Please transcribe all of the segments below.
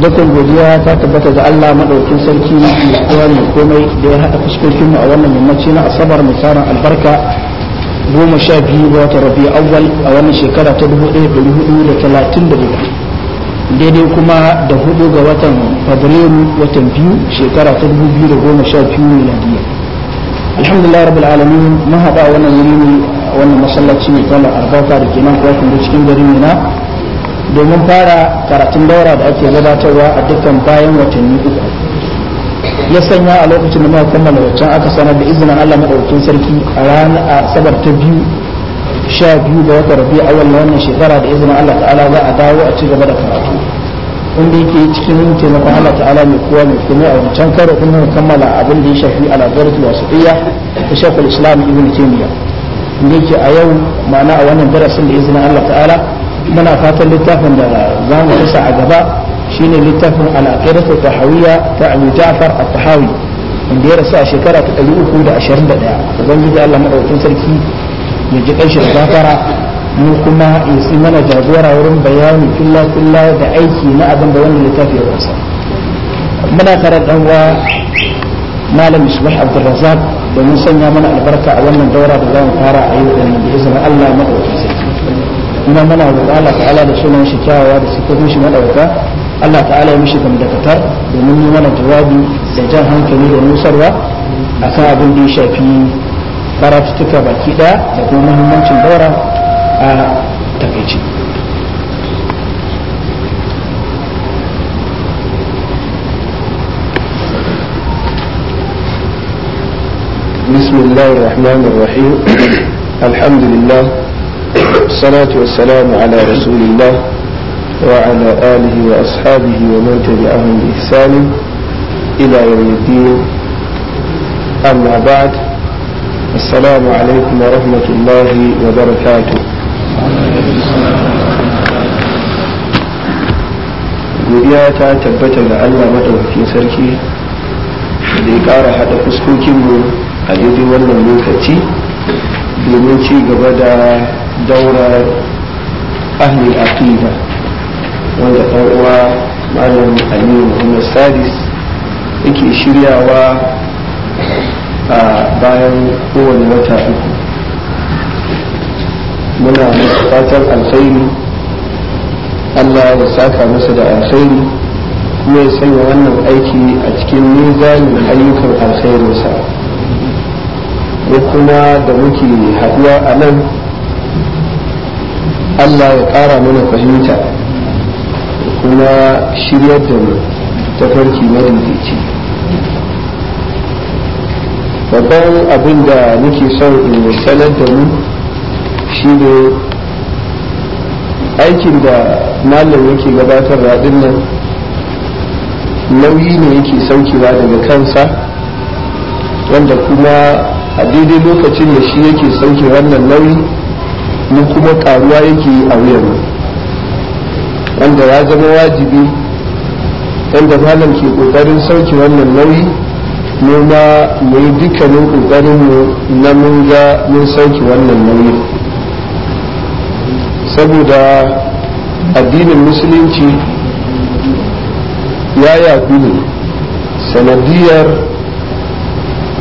dukkan godiya ta tabbata ga Allah madaukin sarki mai kowa mai komai da ya haɗa mu a wannan yammaci na asabar mu tsara albarka goma sha biyu ga wata rabi awwal a wannan shekara ta dubu ɗaya da hudu da talatin da biyu daidai kuma da hudu ga watan fabrairu watan biyu shekara ta dubu biyu da goma sha biyu miladiya alhamdulillah rabbil alamin mun haɗa wannan yini wannan masallaci mai tsarin albarka da ke nan kuwa cikin garin na. domin fara karatun daura da ake gabatarwa a dukkan bayan watanni uku ya sanya a lokacin da muka kammala waccan aka sanar da izinin Allah madaukakin sarki a ranar asabar ta biyu sha biyu ga watan rabi awal na wannan shekara da izinin Allah ta'ala za a dawo a ci gaba da karatu wanda yake cikin taimakon Allah ta'ala mai kowa mai kuma a wancan karo kuma kammala abin da ya shafi al'adaratu wasu iya da shafar islam ibn taymiya wanda yake a yau ma'ana a wannan darasin da izinin Allah ta'ala muna fatan littafin da za mu isa a gaba shine littafin al'aqidatu tahawiyya ta Abu Ja'far a tahawi wanda ya rasu a shekara ta 321 ubangiji Allah madaukakin sarki ya ji kanshi da gafara mu kuma ya si mana jagora wurin bayani filla filla da aiki na abin da wannan littafi ya wasa muna tare da wa malam Isbah Abdul Razzaq domin sanya mana albarka a wannan daura da za mu fara a yau da izinin Allah madaukakin sarki kuma muna roƙon Allah ta'ala da sunan shi kyawawa da sifofin shi madauka Allah ta'ala ya mishi gamdakatar domin yi mana jawabi da jan hankali da nusarwa akan abin da ya shafi karatuttuka baki ɗaya da kuma muhimmancin daura a takaici بسم الله الرحمن الرحيم الحمد لله والصلاة والسلام على رسول الله وعلى آله وأصحابه ومن تبعهم بإحسان إلى يوم الدين أما بعد السلام عليكم ورحمة الله وبركاته godiya ta tabbata ga Allah madaukakin سركي da ya ƙara haɗa fuskokinmu a daidai wannan lokaci دورة أهل العقيدة wanda ɗanuwa uwa malam aliyu muhammad sadis yake shiryawa a bayan kowane wata uku muna masa fatan alkhairi allah ya saka masa da alkhairi kuma ya sanya wannan aiki a cikin mizanin ayyukan alkhairinsa ko kuma da muke haɗuwa a nan Allah ya ƙara mana fahimta kuma shiryar da mu ta farki madaidaici babban abin da nake son in sanar da mu shine aikin da malam yake gabatar din nan nauyi ne yake saukewa daga kansa wanda kuma a daidai lokacin da shi yake sauke wannan nauyi nan kuma karuwa yake a wuyan wanda ya zama wajibi wanda malam ke kokarin sauke wannan nauyi mu ma mu yi dukkanin kokarin mu na mun ga mun sauke wannan nauyi saboda addinin musulunci ya yaku ne sanadiyar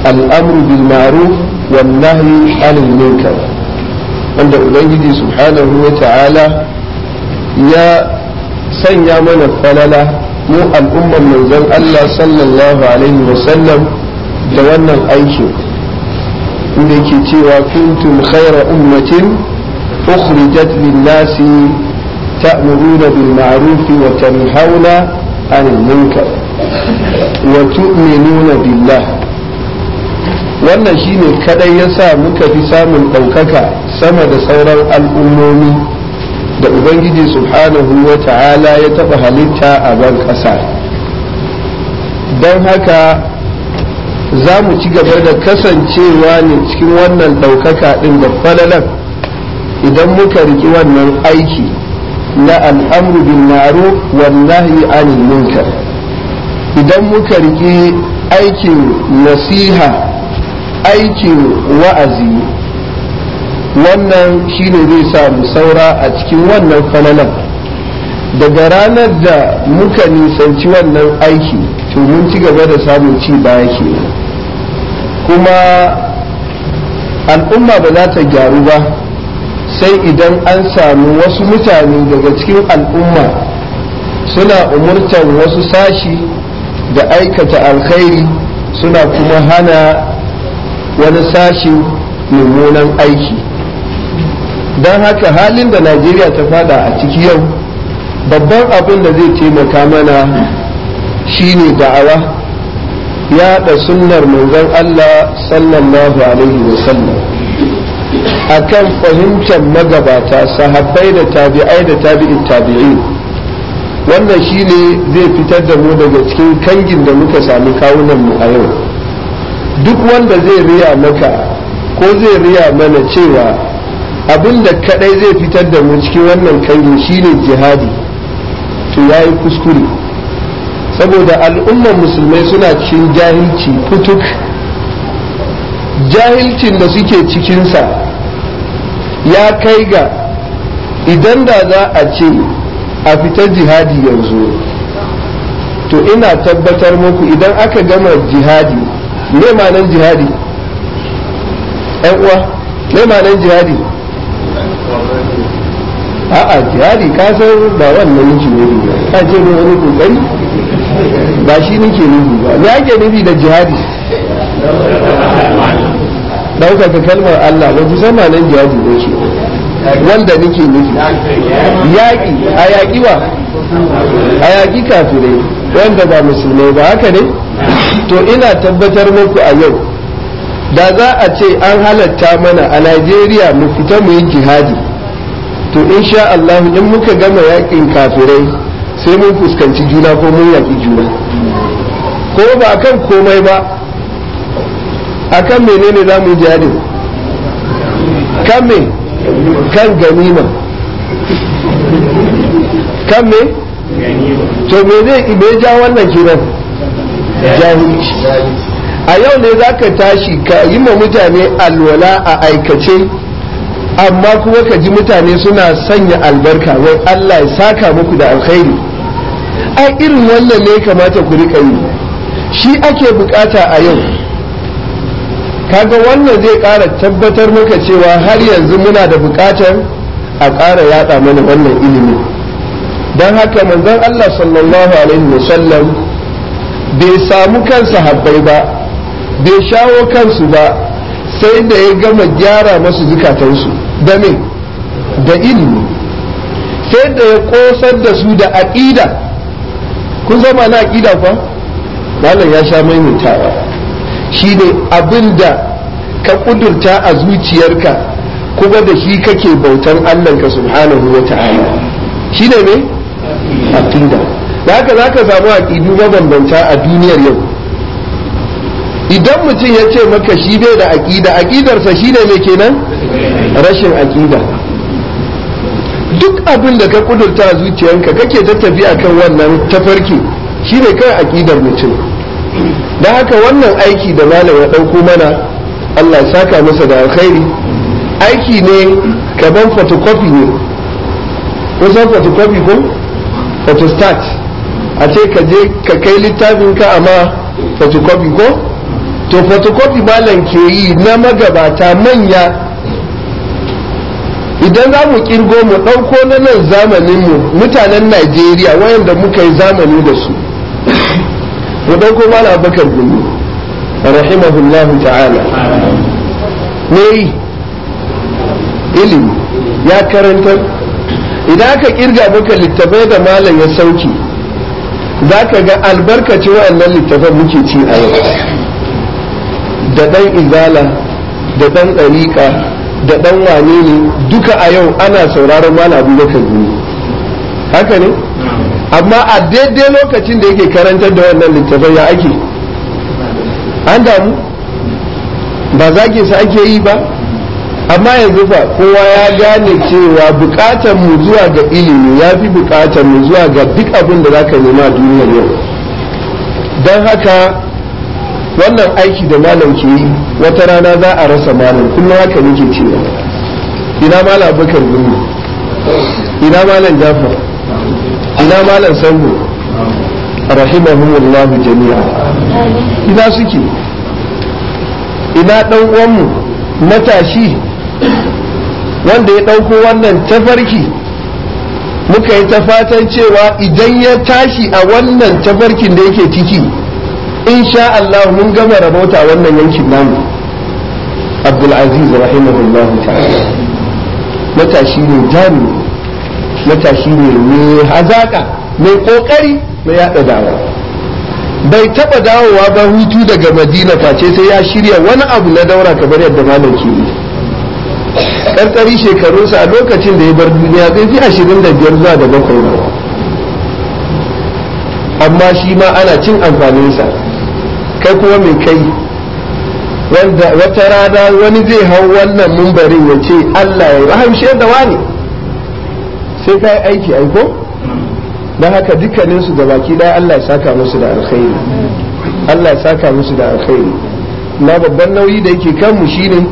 al'amru bil ma'ruf wan nahyi anil wanda ubangiji subhanahu wa ta'ala ya sanya mana falala mu al'ummar manzon Allah sallallahu alaihi wa sallam da wannan aiki inda yake cewa kuntum khayra ummatin ukhrijat lin-nasi ta'muruna bil ma'ruf wa tanhauna 'anil munkar wa tu'minuna billah wannan shine kadai sa muka fi samun ɗaukaka sama da sauran al'ummomi da ubangiji subhanahu wa ta'ala ya taɓa halitta a ban ƙasa don haka za mu ci gaba da kasancewa ne cikin wannan ɗaukaka ɗin da falalan idan muka riki wannan aiki na al'amru bin ma'ruf wan nahyi anil munkar idan muka riƙi aikin nasiha aikin wa'azi wannan shine zai samu saura a cikin wannan falalan daga ranar da muka nisanci wannan aiki to mun ci gaba da samun ci baya ke kuma al'umma ba za ta gyaru ba sai idan an samu wasu mutane daga cikin al'umma suna umurtar wasu sashi da aikata alkhairi suna kuma hana wani sashi mummunan aiki don haka halin da najeriya ta fada a ciki yau babban abin da zai taimaka mana shine da'awa yaɗa sunnar manzon allah sallallahu alaihi wasallam a kan fahimtar magabata sahabbai da tabi'ai da tabi'in tabi'in wannan shine zai fitar da mu daga cikin kangin da muka sami kawunan mu a yau duk wanda zai riya maka ko zai riya mana cewa abinda kadai zai fitar da mu cikin wannan kangin shine jihadi to yayi kuskure saboda al'ummar musulmai suna cikin jahilci futuk jahilcin da suke cikinsa ya kai ga idan da za a ce a fita jihadi yanzu to ina tabbatar muku idan aka gama jihadi me nan jihadi ɗan uwa me nan jihadi a'a jihadi ka san ba wannan nake nufi ka ce ne wani kokari ba shi nake nufi ba me ake nufi da jihadi ɗaukaka kalmar Allah ba ku san nan jihadi ne ke wanda nake nufi yaƙi a yaƙi wa a yaƙi kafirai wanda ba musulmai ba haka ne to ina tabbatar muku a yau da za a ce an halatta mana a najeriya mu fita mu yi jihadi to insha Allah in muka gama yaƙin kafirai sai mun fuskanci juna ko mun yaƙi juna ko ba kan komai ba a kan menene za mu jihadin kan me kan ganima kan me to me zai ibe ja wannan kiran jahilci a yau ne za ka tashi ka yi ma mutane alwala a aikace amma kuma ka ji mutane suna sanya albarka wai Allah ya saka muku da alkhairi ai irin wannan ne kamata ku rika yi shi ake bukata a yau kaga wannan zai ƙara tabbatar muka cewa har yanzu muna da buƙatar a ƙara yaɗa mana wannan ilimi don haka manzon Allah sallallahu alaihi wasallam bai samu kansa habbai ba bai shawo kansu ba sai da ya gama gyara masu zukatansu da me da ilimi sai da ya ƙosar da su da aƙida kun zama na aqida fa malam ya sha mai shi shine abin da ka kudurta a zuciyarka kuma da shi kake bautan ka subhanahu wa ta'ala shi ne ne aqida da haka za zaka samu aqidu mabambanta a duniyar yau idan mutum ya ce maka shi bai da aqida aqidarsa ne me kenan rashin aqida duk abin da ka kudurta a zuciyarka kake ta tafiya kan wannan tafarki ne kai aqidar mutum da haka wannan aiki da malam ya dauko mana Allah saka masa da alkhairi aiki ne ban photocopy ne kusan photocopy ko photostat a ce ka je ka kai littafin ka amma photocopy ko to photocopy malam ke yi na magabata manya idan za mu kirgo mu ɗauko na nan zamanin mu mutanen najeriya wayanda muka yi zamani da su mu ɗauko malam abakar rahimahullahu ta'ala ne ilimi ya karanta idan aka kirga maka littafai da malam ya sauki za ka ga albarkaci wa'annan littafan muke ci a yau da dan izala da dan ɗariƙa da ɗan wane ne duka a yau ana sauraron malam abubakar ne haka ne amma a daidai lokacin da yake karantar da wannan littafai ya ake an damu ba ke su ake yi ba amma yanzu fa kowa ya gane cewa bukatar mu zuwa ga ilimi ya fi bukatar mu zuwa ga duk abin da zaka nema a duniyar yau don haka wannan aiki da malam ke yi wata rana za a rasa malam kuma haka nake cewa ina malam bakar gumi ina malam jafar ina malam sango rahimahumullahu jami'a ina suke ina ɗan uwanmu matashi wanda ya ɗauko wannan tafarki muka yi ta fatan cewa idan ya tashi a wannan tafarkin da yake ciki insha Allah mun gama rabota wannan yankin namu abdulaziz rahimahullahu ta'ala matashi ne jami matashi ne mai hazaka mai kokari mai yada dawa bai taba dawowa ba hutu daga madina face sai ya shirya wani abu na daura kamar yadda malam ke yi karkari shekarunsa a lokacin da ya bar duniya sai fi ashirin da biyar zuwa da bakwai ba. amma shi ma ana cin amfaninsa kai kuma mai kai wanda wata rana wani zai hau wannan mumbarin ya ce allah ya rahamshe da wani sai ka yi aiki aiko don haka dukkanin da baki daya Allah ya saka musu da alkhairi Allah ya saka musu da alkhairi na babban nauyi da yake kanmu shine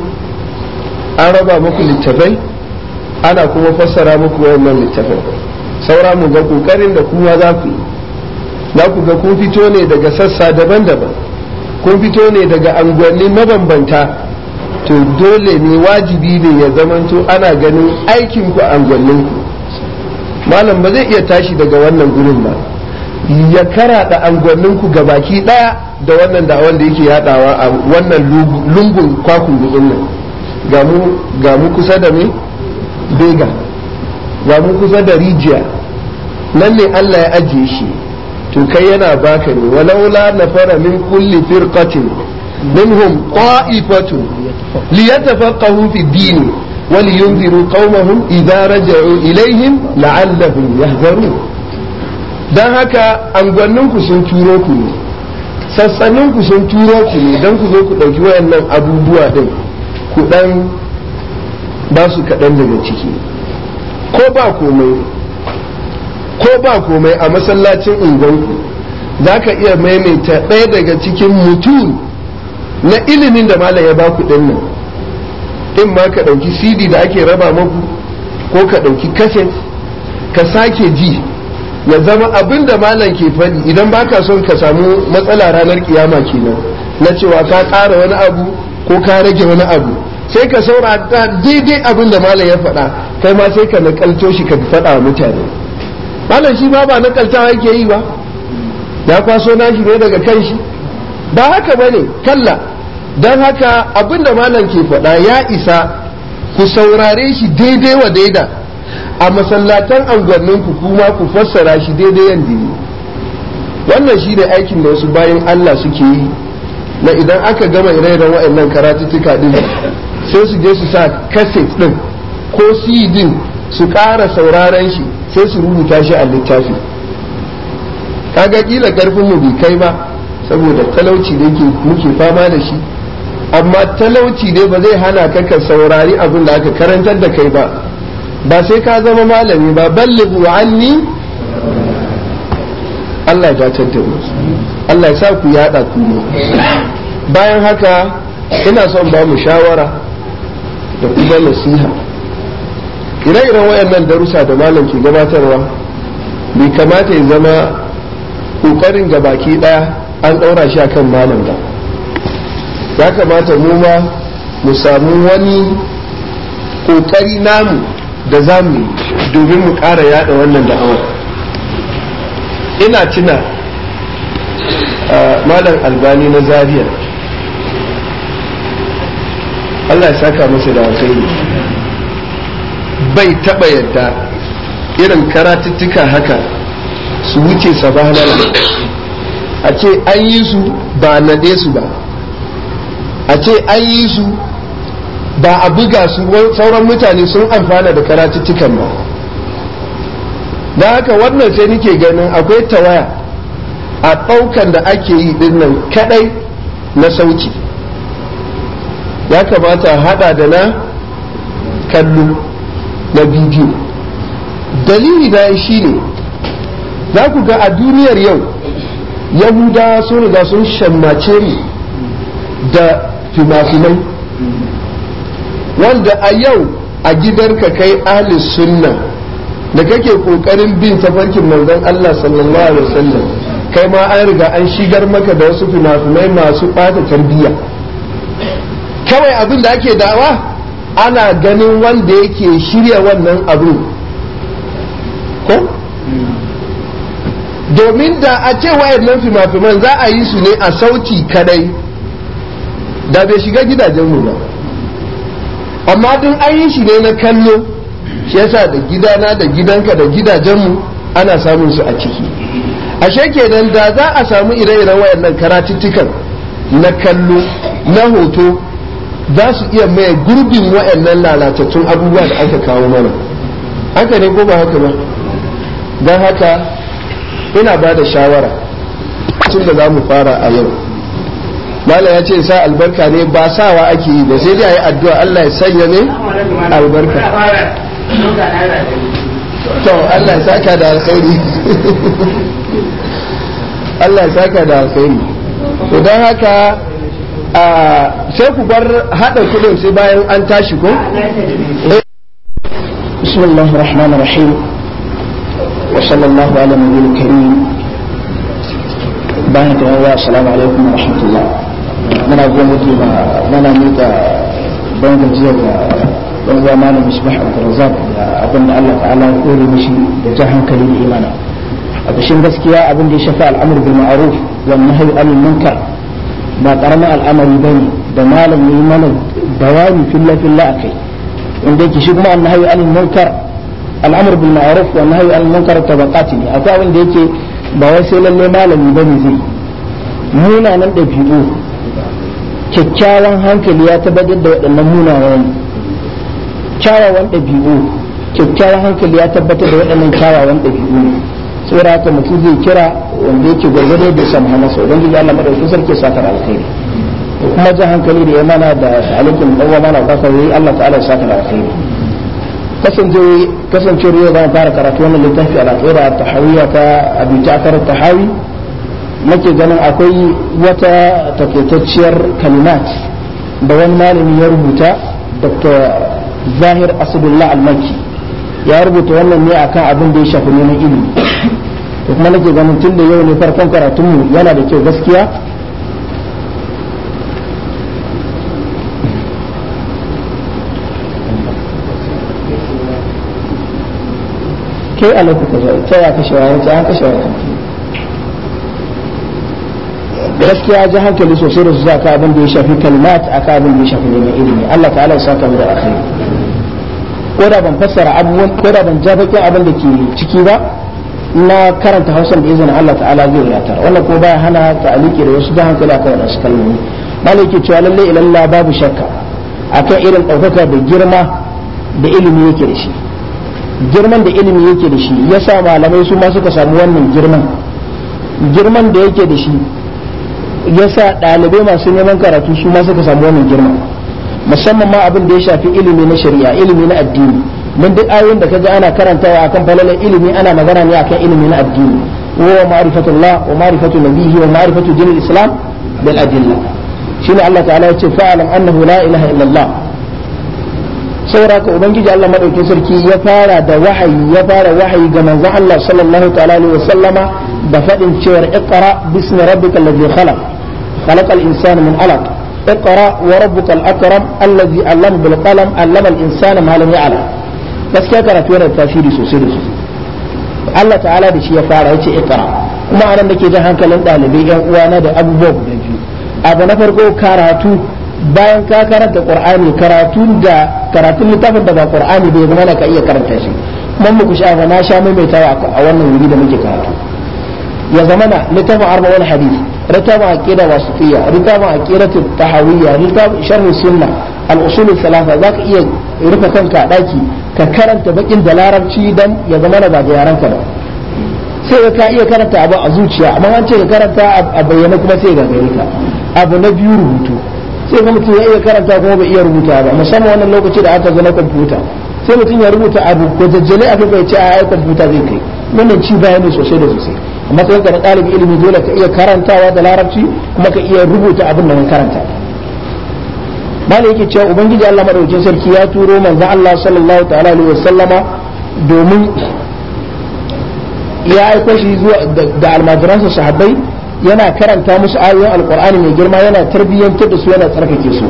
an raba muku littafai ana kuma fassara muku wannan littafai saura mu ga kokarin da kuma za ku za ku ga kun fito ne daga sassa daban-daban kun fito ne daga angwanni mabambanta to dole ne wajibi ne ya zamanto ana ganin aikinku a angwanninku malam ba zai iya tashi daga wannan gurin ba ya kara karaɗa ku ga baki daya da wannan da'awan da yake yadawa a wannan lungun kwakun gudun nan ga mu kusa da me bega ga mu kusa da rijiya nan ne allah ya ajiye shi to kai yana baka ne walaula nafara min kulli firqatin minhum qa'ifatun liyatafaqahu fi dini ولينذروا قومهم إذا رجعوا إليهم لعلهم يحذرون don haka angwanninku sun turo ku ne sassaninku sun turo ku ne don ku zo ku ɗauki wayannan abubuwa ɗin ku ɗan ba su kaɗan daga ciki ko ba komai ko ba komai a masallacin unguwanku za ka iya maimaita ɗaya daga cikin mutum na ilimin da malam ya ba ku ɗin nan in ma ka ɗauki cd da ake raba maku ko ka ɗauki kaset ka sake ji ya zama abin da malam ke faɗi idan baka son ka samu matsala ranar kiyama kenan na cewa ka kara wani abu ko ka rage wani abu sai ka saura daidai abin da malam ya faɗa kai ma sai ka nakalto shi ka faɗa wa mutane malam shi ma ba nakaltawa yake yi ba ya kwaso nashi ne daga kan shi ba haka bane kalla don haka abinda malam ke faɗa ya isa ku saurare shi daidai wa daida a masallatan ku kuma ku fassara shi daidai yadda ne wannan shi ne aikin da wasu bayan Allah suke yi na idan aka gama ire-iren wa'annan karatuttuka din sai su je su sa kaset din ko cd su ƙara sauraren shi sai su rubuta shi a littafi kaga kila karfin mu bai kai ba saboda talauci da muke fama da shi amma talauci ne ba zai hana ka ka saurari abin da aka karantar da kai ba ba sai ka zama malami ba ballighu anni Allah ya da mu Allah ya sa ku yada ku bayan haka ina son ba mu shawara da kuma nasiha ire-iren wayannan darussa da malam ke gabatarwa bai kamata ya zama kokarin baki daya an daura shi akan malam ba ya kamata mu ma mu samu wani kokari namu da za mu domin mu ƙara yada wannan da'awar ina tuna malam albani na zariya allah ya saka masa da yi. bai taba yadda irin karatuttuka haka su wuce sabanar a ce an yi su ba naɗe su ba a ce an yi su ba a buga su sauran mutane sun amfana da karatuttukan ba da haka wannan sai nike ganin akwai tawaya a ɗaukan da ake yi dinnan kadai na sauki ya kamata hada da na kallo na bidiyo dalili na shi ne za ku ga a duniyar yau yahudawa sun riga sun shammace ni da fina-finai wanda a yau a ka kai ahli sunna da kake kokarin bin tafarkin manzon Allah sallallahu alaihi wasallam kai ma an riga an shigar maka da wasu fina masu bata tarbiyya kawai abin da ake dawa ana ganin wanda yake shirya wannan abu ko domin da a ce wayannan fina za a yi su ne a sauti kadai da bai shiga gidajenmu ba amma din an yi shi ne na kallo shi yasa da gidana da gidanka da gidajen mu ana samun su a ciki ashe kenan da za a samu ire-iren wayannan karatuttukan na kallo na hoto za su iya maye gurbin wayannan lalatattun abubuwa da aka kawo mana haka ne ko ba haka ba don haka ina ba da shawara tun da za mu fara a yau malam ya ce sa albarka ne ba sawa ake yi ba sai dai ayi addu'a Allah ya sanya ne albarka to Allah ya saka da alkhairi Allah ya saka da alkhairi to dan haka a sai ku bar hada kudin sai bayan an tashi ko eh. bismillahir rahmanir rahim wa sallallahu ala nabiyil karim bayan da assalamu alaikum wa muna zo muke ma mana muka bangar jiya ga ɗan uwa malam misbah abdurrazzaq da abin da Allah ta'ala ya kore mishi da ta hankali da imana a ƙashin gaskiya abin da ya shafa al'amur bil ma'ruf wa nahyi anil munkar ba karamin al'amari bane da malam yayi mana bayani filla filla akai inda yake shi kuma annahi anil munkar al'amur bil ma'ruf wa nahyi anil munkar tabaqati ne akwai abin da yake ba wai sai lalle malami bane zai munanan ɗabi'u kyakkyawan hankali ya tabbatar da waɗannan munawan kyawawan ɗabi'u kyakkyawan hankali ya tabbatar da waɗannan kyawawan ɗabi'u saboda haka mutum zai kira wanda yake gwargwado da hana sama masa ubangiji Allah madaukakin sarki sa saka alkhairi da kuma jan hankali da ya mana da alikin ɗauwa mana kasa yi Allah ta'ala sa da alkhairi kasancewar yau zan fara karatu wannan littafi a al'aƙira ta hawiya ta abu ta'akar ta hawi nake ganin akwai wata takaitacciyar kalimat da wani malami ya rubuta dr zahir asudullah almaki ya rubuta wannan ne akan abin da ya shafi na ilimi to kuma nake ganin tun da yau ne farkon karatunmu yana da kyau gaskiya kai a ta ya kashe wa ya an kashe wa gaskiya ji hankali sosai da su za ka abin da ya shafi kalmat a ka abin da ya shafi neman ilimi Allah ta'ala ya saka mu da alkhairi ko da ban fassara abubuwan ko da ban abin da ke ciki ba na karanta hausan da izinin Allah ta'ala zai wadatar wannan ko baya hana aliki da wasu da hankali akan wadansu kalmomi yake cewa lalle ilallah babu shakka akan irin ɗaukaka da girma da ilimi yake da shi girman da ilimi yake da shi ya sa malamai su ma suka samu wannan girman girman da yake da shi yasa ɗalibai masu neman karatu su ma suka samu wannan girma musamman ma abin da ya shafi ilimi na shari'a ilimi na addini mun duk ayoyin da kaga ana karantawa akan falalar ilimi ana magana ne akan ilimi na addini wa ma'rifatullah wa ma'rifatu nabihi wa ma'rifatu dinil islam bil adilla shine Allah ta'ala ya ce fa'alam annahu la ilaha illallah saboda ka ubangiji Allah madaukin sarki ya fara da wahayi ya fara wahayi ga manzon Allah sallallahu ta'ala alaihi wa sallama da fadin cewar iqra bismi rabbikal ladzi khalaq خلق الإنسان من علق اقرأ وربك الأكرم الذي علم بالقلم علم الإنسان ما لم يعلم بس كده كانت وين التأثير سوسي الله تعالى da shi ya fara yace ikra kuma anan nake jin hankalin ɗalibai yan uwa na da abubuwa guda biyu abu na farko karatu bayan ka karanta qur'ani karatu da karatun littafin da ba qur'ani bai zama ka iya karanta shi mun muku shafa na sha maimaitawa a wannan wuri da muke karatu ya zama zamana littafin arba'un hadisi رتب عقيدة وسطية رتب عقيدة تحوية رتب شرح السنة الأصول الثلاثة ذاك إيه rufe kanka a ɗaki ka karanta bakin da larabci dan ya zama da ba da yaranka ba sai ka iya karanta abu a zuciya amma an ce ka karanta a bayyana kuma sai ga gare ka abu na biyu rubutu sai ga mutum ya iya karanta kuma bai iya rubuta ba musamman wannan lokaci da aka zama na kwamfuta sai mutum ya rubuta abu ko a kai ce a kwamfuta zai kai wannan ci baya ne sosai da sosai a matsayin ka na ɗalibi ilimi dole ka iya karantawa da larabci kuma ka iya rubuta abin da karanta malai yake cewa ubangiji Allah madaukakin sarki ya turo manzo Allah sallallahu ta'ala alaihi wasallama domin ya aiko shi zuwa da almajiransa sahabbai yana karanta musu ayoyin alqur'ani mai girma yana tarbiyyantar da su yana tsarkake su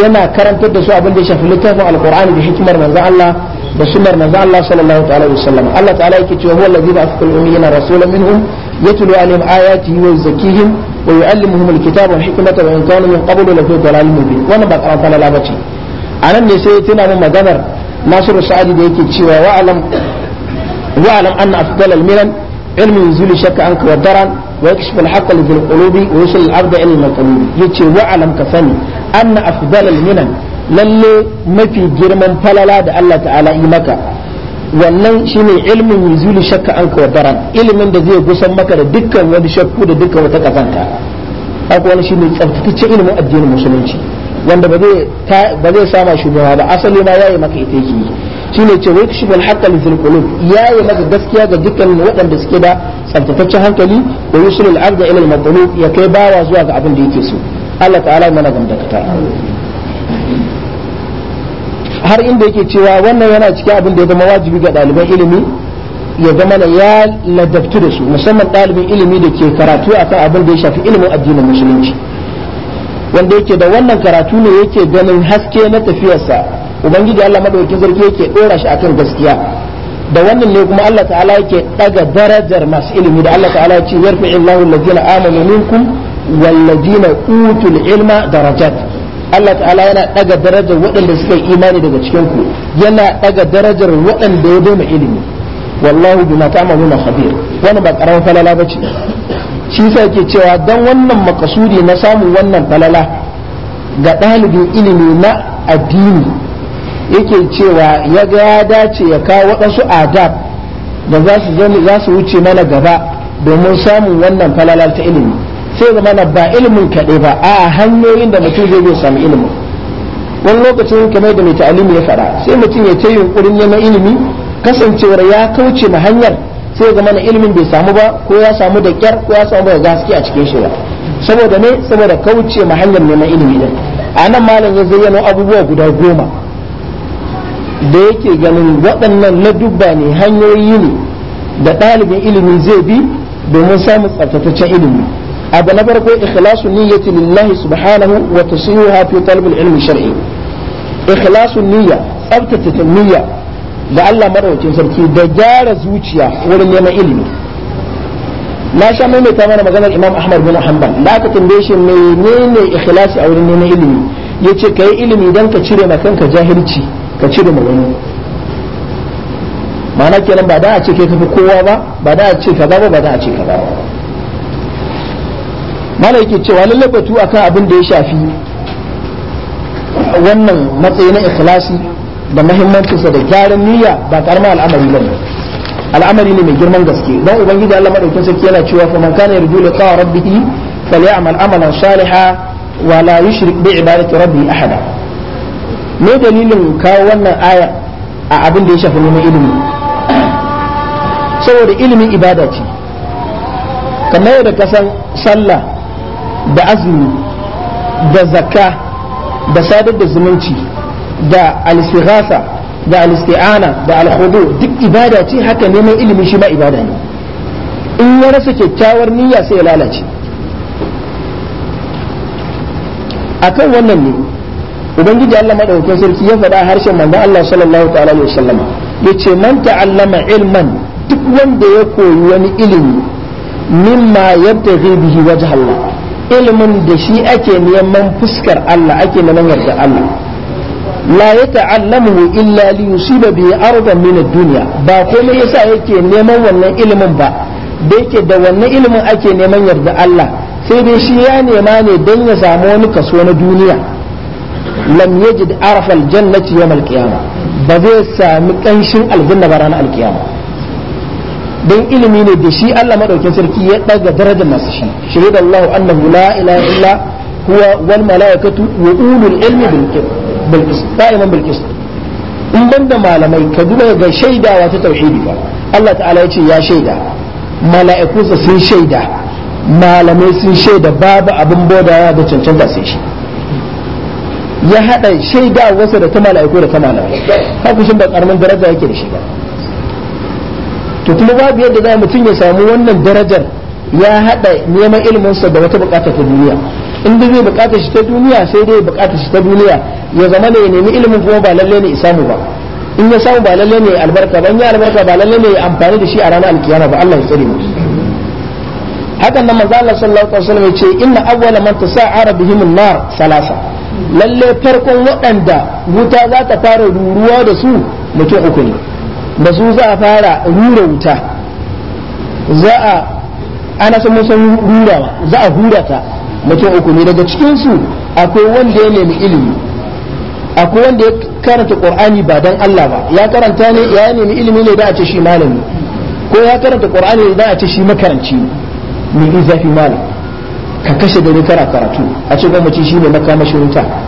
yana karantar da su abin da ya shafi littafin alqur'ani da hikimar manzo Allah da sunnar manzo Allah sallallahu ta'ala wa Sallam Allah ta'ala yake cewa huwa allazi ba'atha ummiyina rasulan minhum yatlu alaihim ayatihi wa yuzakkihim wa yu'allimuhum alkitaba wal hikmata wa in kanu min qablu lafi dhalalin mubin wannan ba karanta la bace anan ne sai tana mun maganar Nasiru Sa'adi da yake cewa wa alam wa alam anna afdalal milan ilmu yuzulu shakka anka wa daran wa yakshifu alhaqqa lil qulubi wa yusil al ila al yace wa alam ka sani anna afdalal minan. lalle mafi girman falala da Allah ta'ala yi maka wannan shine ilmin yuzulu shakka an kawdaran ilimin da zai gusan maka da dukkan wani shakku da dukkan wata kazanta haka wani shine tsaftace ilimin addinin musulunci wanda ba zai ba zai sama shugaba ba asali ma yayi maka ita yake shine ce wai kishibul haqqa li fil qulub yayi maka gaskiya ga dukkan waɗanda suke da tsaftataccen hankali da yusulul abda ila al ya kai bawa zuwa ga abin da yake so Allah ta'ala mana gamdakata har inda yake cewa wannan yana cikin abin da ya zama wajibi ga ɗaliban ilimi ya zama na ya ladabtu da su musamman ɗalibin ilimi da ke karatu akan abin da ya shafi ilimin addinin musulunci wanda yake da wannan karatu ne yake ganin haske na tafiyarsa ubangiji Allah maɗaukin sarki yake dora shi akan gaskiya da wannan ne kuma Allah ta'ala yake ɗaga darajar masu ilimi da Allah ta'ala ya ce yarfa'illahu allazina amanu minkum wallazina utul ilma darajat Allah ta'ala yana daga darajar waɗanda suka yi imani daga cikin ku yana daga darajar waɗanda ya doma ilimi wallahu bima ta'maluna khabir wannan ba karamin falala bace shi sai yake cewa dan wannan makasudi na samun wannan falala ga ɗalibin ilimi na addini yake cewa ya ga ya dace ya kawo waɗansu adab da za su wuce mana gaba domin samun wannan falala ta ilimi sai zama na ba ilimin kaɗai ba a hanyoyin da mutum zai zai samu ilimin wani lokacin yanka kamar da mai ta'alimi ya fara sai mutum ya ta yunkurin neman ilimi kasancewar ya kauce ma hanyar sai zama na ilimin bai samu ba ko ya samu da kyar ko ya samu da gaske a cikin shi ba saboda ne saboda kauce ma hanyar neman ilimi din a nan malam ya zayyano abubuwa guda goma da yake ganin waɗannan na dubba ne hanyoyi ne da ɗalibin ilimi zai bi domin samun tsaftataccen ilimi abu na farko ikhlasu niyyati lillahi subhanahu wa tashihuha fi talab al-ilm shar'i ikhlasu niyya tsabtace niyya da Allah madaukakin sarki da gyara zuciya wurin neman ilimi na sha maimaita mana maganar Imam Ahmad bin Hanbal da aka tambaye shi menene ikhlasi a wurin neman ilimi yace kai ilimi dan ka cire ma kanka jahilci ka cire ma wani ma'ana kenan ba da a ce kai kafi kowa ba ba da a ce ka ba ba da a ce ka ba mala yake cewa lalle batu akan abin da ya shafi wannan matsayi na ikhlasi da mahimmancinsa da gyaran niyya ba karama al'amari ba ne al'amari ne mai girman gaske don ubangiji Allah madaukin sarki yana cewa fa man kana yarju liqa rabbih falyamal amalan salihan wa la yushrik bi ibadati rabbih ahada me dalilin kawo wannan aya a abin da ya shafi neman ilimi saboda ilimin ibada ce kamar yadda ka san sallah da azumi da zakka da sadar da zumunci da Alisirasa da alisti'ana da alhudu duk ibada ce haka neman ilimi shi ma ibada ne in ya rasa kyakkyawar niyya sai ya lalace akan wannan ne ubangiji Allah maɗaukakin sarki ya faɗa harshen manzon Allah sallallahu ta'ala alaihi wasallam yace man ta'allama ilman duk wanda ya koyi wani ilimi mimma zai bihi wajen Allah ilimin da shi ake neman fuskar Allah ake neman yarda Allah la ya ta'allamu illa li yusiba bi ardan min ad-dunya ba komai yasa yake neman wannan ilimin ba da yake da wannan ilimin ake neman yarda Allah sai dai shi ya nema ne dan ya samu wani kaso na duniya lam yajid arfal jannati yawm al-qiyamah ba zai sami kanshin aljanna ba ranar al don ilimi ne da shi Allah madaukin sarki ya daga darajar masu shi shahid Allah annahu la ilaha illa huwa wal malaikatu wa ulul ilmi bil qist qa'iman bil qist in banda malamai ka duba ga shaidawa ta tauhidi ba Allah ta'ala ya ce ya shaida mala'ikunsa sun shaida malamai sun shaida babu abin bodawa da cancanta sai shi ya hada shaida wasu da ta mala'iku da ta malamai haka shi ba karamin daraja yake da shi ba to kuma babu yadda za mutum ya samu wannan darajar ya hada neman ilimin sa da wata bukata ta duniya in zai bukata shi ta duniya sai dai bukata shi ta duniya ya zama ne ya nemi ilimin kuma ba lalle ne samu ba in ya samu ba lalle ne albarka ba in ya albarka ba lalle ne amfani da shi a ranar alkiyama ba Allah ya tsare mu hakan nan manzo Allah sallallahu alaihi wasallam ya ce inna awwala man tasa'ara bihim an-nar salasa lalle farkon waɗanda wuta za ta fara ruruwa da su mutum uku ne da su za a fara rura wuta za a ana sun musan rurawa za a hura ta mutum uku ne daga cikinsu akwai wanda ya nemi ilimi akwai wanda ya karanta qur'ani ba dan Allah ba ya karanta ne ya nemi ilimi ne da a ce shi malami ko ya karanta qur'ani da a ce shi makaranci ne mai zafi malam ka kashe gari kana karatu a ce gwamnati shi ne makamashin wuta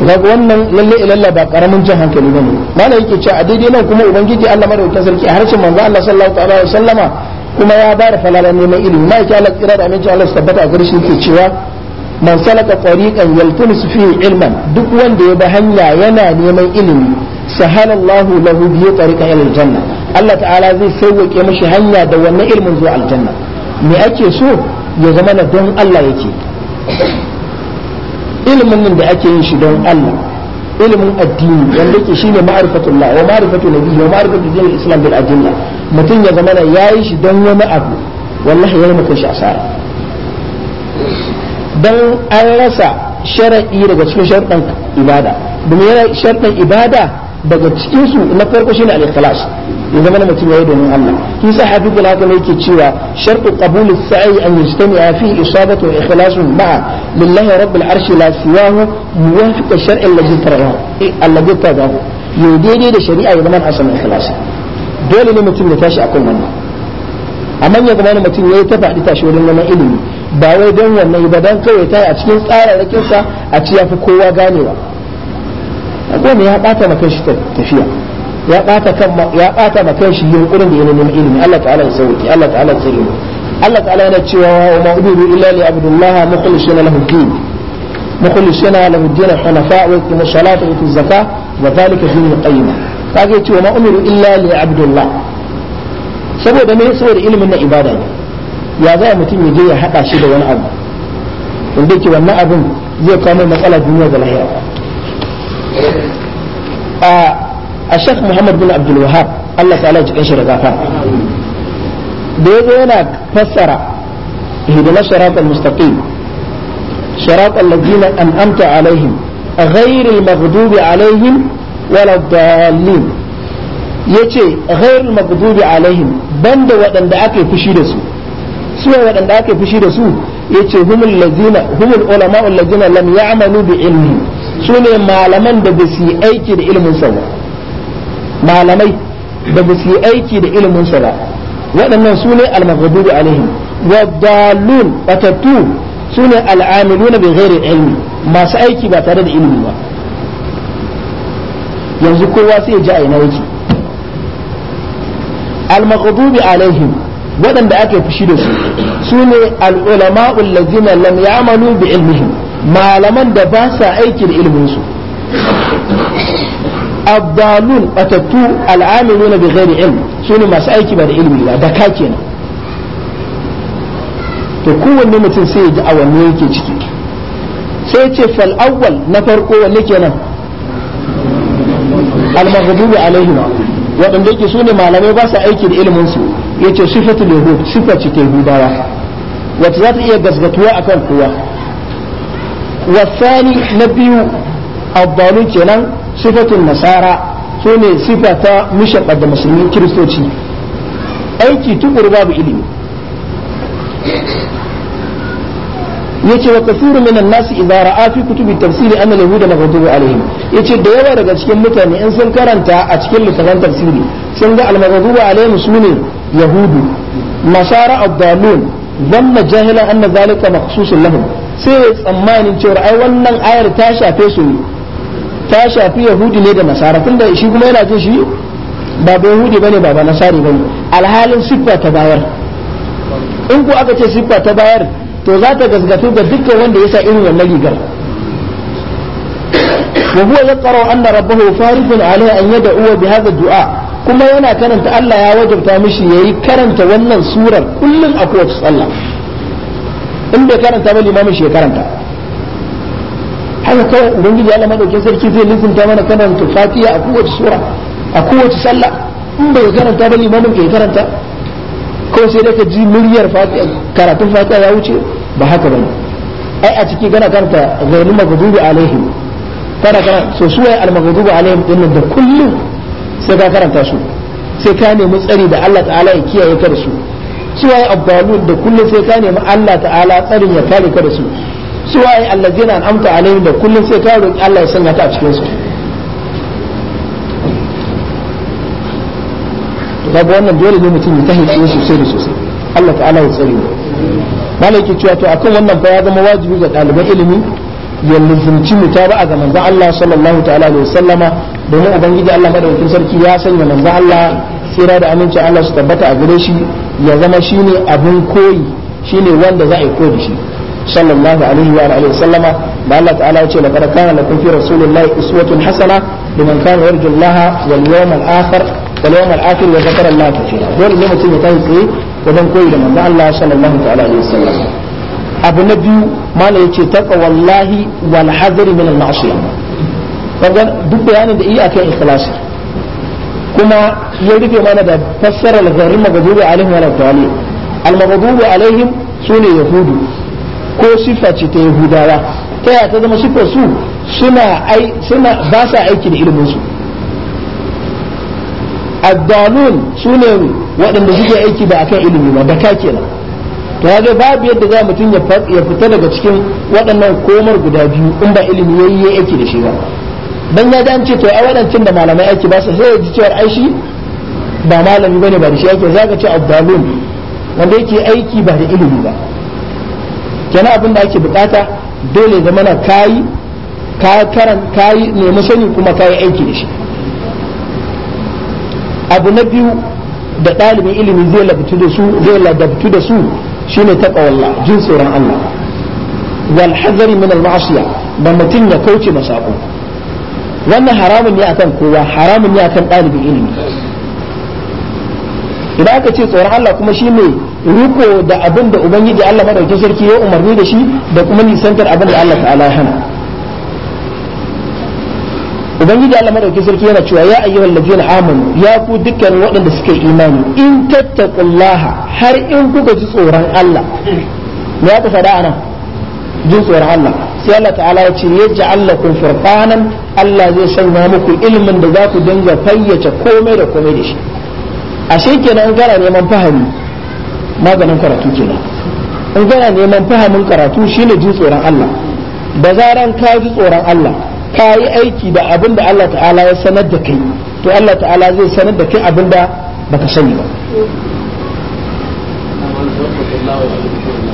to kaga wannan lalle ilalla ba karamin jin hankali bane mana yake cewa a daidai nan kuma ubangiji Allah madaukakin sarki a harshen manzo Allah sallallahu ta'ala alaihi sallama kuma ya bada falalan neman ilimi mai yake Allah tsira da aminci Allah su tabbata a gare shi yake cewa man salaka tariqan yaltamisu fihi ilman duk wanda ya bi hanya yana neman ilimi allahu lahu bi tariqan ila aljanna Allah ta'ala zai sauke mishi hanya da wannan ilimin zuwa aljanna me ake so ya zama na don Allah yake ilimin nan da ake yin shi don Allah ilimin addini wanda ke shi ne shine ma'rifatullah wa ma'rifatu nabi wa ma'rifatu dinil islam bil adilla mutum ya zama ya yi shi don wani abu wallahi yana mutum shi asara dan an rasa shara'i daga cikin sharɗan ibada domin yana sharɗan ibada daga cikin su na farko shine al-ikhlas ya zama mutum yayi domin Allah kisa habibul hakim yake cewa shartu qabul as-sa'i an yajtami'a fi isabatu wa ikhlasun ma'a lillahi rabbil arshi la siwahu muwafiq ash-shar'i alladhi tarahu eh, alladhi tarahu ya daidai da shari'a ya zama asan ikhlas dole ne mutum ya tashi akan wannan amma ya zama mutum yayi ta faɗi tashi wurin neman ilimi ba wai don wannan ba dan kawai tayi a cikin tsararrakin sa a ci yafi kowa ganewa wanda ya bata maka shi tafiya ya bata kan ya bata maka shi yunkurin da yana neman ilimi Allah ta'ala ya sauke Allah ta'ala ya tsare Allah ta'ala yana cewa wa ma udiru illa li abdullah mukhlishina lahu din mukhlishina lahu din hanafa wa yuqimu salata wa yutu zakah wa dhalika dinul qayyim kage cewa ma umiru illa li abdullah saboda me saboda ilimin na ibada ne ya za mutum ya je ya hada shi da wani abu wanda ke wannan abin zai kawo matsala duniya da lahira a shek muhammad bin abdul wahab allah ta'ala jikin shi da gafa da ya zo yana fassara hidima shiratal mustaqim shiratal ladina an'amta alaihim غير المغضوب عليهم ولا الضالين yace ghairul maghdubi alaihim banda waɗanda aka fushi da su su waɗanda aka fushi da su yace humul lazina humul ulama allazina lam ya'malu bi ilmi su ne malaman da ba su yi aiki da ilimin sa ba malamai da ba su yi aiki da ilimin sa ba waɗannan su ne almaghdubi alaihim wadallun batattu su ne al'amiluna bi ghairi ilmi masu aiki ba tare da ilimi ba yanzu kowa sai ya ji a ina yake almaghdubi alaihim waɗanda aka fushi da su su ne al'ulama'ul ladzina lam ya'malu bi ilmihim malaman da ba sa aikin da ilminsu abdalun batattu al'amiluna bi ghairi ilm su ne masu aiki ba da ilmi ba da ka kenan to kowanne mutum sai ya ji a wanne yake ciki sai ce fal awal na farko wanne kenan al maghdubi alaihim waɗanda yake su malamai ba sa aiki da ilmin su yace sifatu yahud sifa ce yahudawa wata za ta iya gasgatuwa akan kowa والثاني نبي الضالون كنان صفة النصارى سوني صفة مشقة المسلمين كريستوتي أيكي تقر باب إلمي yace wa kasuru minan nasi idza ra'a fi kutubi tafsiri anna yahuda maghdubu alaihim yace da yawa daga cikin mutane in sun karanta a cikin littafin tafsiri sun ga al-maghdubu alaihim sune yahudu nasara ad-dalun dhanna jahilan anna zalika sai tsammanin cewa ai wannan ayar ta shafe su ta shafi yahudi ne da nasara tunda shi kuma yana jin shi ba ba yahudi bane ba ba nasari bane alhalin siffa ta bayar in ku aka ce siffa ta bayar to za ta gasgatu ga dukkan wanda ya sa irin wannan rigar wa huwa yaqra anna rabbahu farifun alaihi an yad'u bi hadha du'a kuma yana karanta Allah ya wajabta mishi yayi karanta wannan surar kullun a kowace sallah in bai karanta ba limamin shi ya karanta haka kawai ubangiji Allah madaukin sarki zai lissinta mana karanta fatiha a kowace sura a kowace sallah in bai karanta ba limamin ka ya karanta ko sai dai ka ji muryar fatiha karatun fatiha ya wuce ba haka bane ai a ciki gana karanta ghayrul maghdubi alaihim kana kana so suwaye al maghdubi alaihim din da kullum sai ka karanta su sai ka nemi tsari da Allah ta'ala ya kiyaye ka da su suwaye abdalun da kullum sai ka nemi Allah ta'ala tsarin ya kare ka da su suwaye allazina amta alaihim da kullum sai ka roki Allah ya sanya ka a cikin su ga wannan dole ne mutum ya tahi sosai da sosai Allah ta'ala ya tsare mu malaki cewa to akan wannan fa ya zama wajibi ga ɗaliban ilimi ya lizimci a ga manzon Allah sallallahu ta'ala alaihi wasallama domin ubangiji Allah madaukakin sarki ya sanya manzo Allah tsira da aminci Allah su tabbata a gare shi ya zama ne abin koyi shine wanda za a yi koyi shi sallallahu alaihi wa alihi sallama da Allah ta'ala yace laqad kana lakum fi rasulillahi uswatun hasana liman kana yarju Allah wal yawmal akhir wal yawmal akhir wa zakara Allah kathira dole ne mutum ya tashi tsaye wajen koyi da manzo Allah sallallahu ta'ala alaihi wasallam abu na biyu mana yace taqwallahi wal hadri min al ma'siyah kaga duk bayanin da iya kan ikhlasi kuma ya rufe mana da fassarar garin magadubi alaihim wal tawali al magadubi alaihim sune yahudu ko sifa ce ta yahudawa ta ya ta zama sifar su suna ai suna ba sa aiki da ilimin su addalun sune waɗanda suke aiki ba akan ilimi ba da ka to kaga babu yadda za mutum ya fita daga cikin waɗannan komar guda biyu in ba ilimi yayi aiki da shi ba dan ya ji an ce to a waɗancan da malamai aiki ba su sai ya ji cewa ai ba malami bane ba da shi ake zaka ce abdalun wanda yake aiki ba da ilimi ba kenan abin da ake bukata dole zama mana kayi ka karan kayi ne sani kuma kayi aiki da shi abu na biyu da ɗalibin ilimi zai labtu da su zai ladabtu da su shine taqwallah jin tsoron Allah wal hazari min al ma'asiya da mutum ya kauce masako wannan haramun ne akan kowa haramun ne akan ɗalibin ilimi idan aka ce tsoron Allah kuma shi ne riko da abin da ubangiji Allah madaukin sarki ya umarni da shi da kuma nisantar abin da Allah ta'ala ya hana ubangiji Allah madaukin sarki yana cewa ya ayyuhal ladina amanu ya ku dukkan waɗanda suka imani in tattaqullaha har in kuka ji tsoron Allah me aka faɗa anan jin tsoron Allah sai Allah ta'ala ya ce yaj'al lakum furqanan Allah zai sanya muku ilimin da za ku dinga fayyace komai da komai da shi ashe kenan in gara neman fahimi maganin karatu kenan in gara neman fahimin karatu shine jin tsoron Allah da zaran ka ji tsoron Allah ka yi aiki da abin da Allah ta'ala ya sanar da kai to Allah ta'ala zai sanar da kai abin da baka sani ba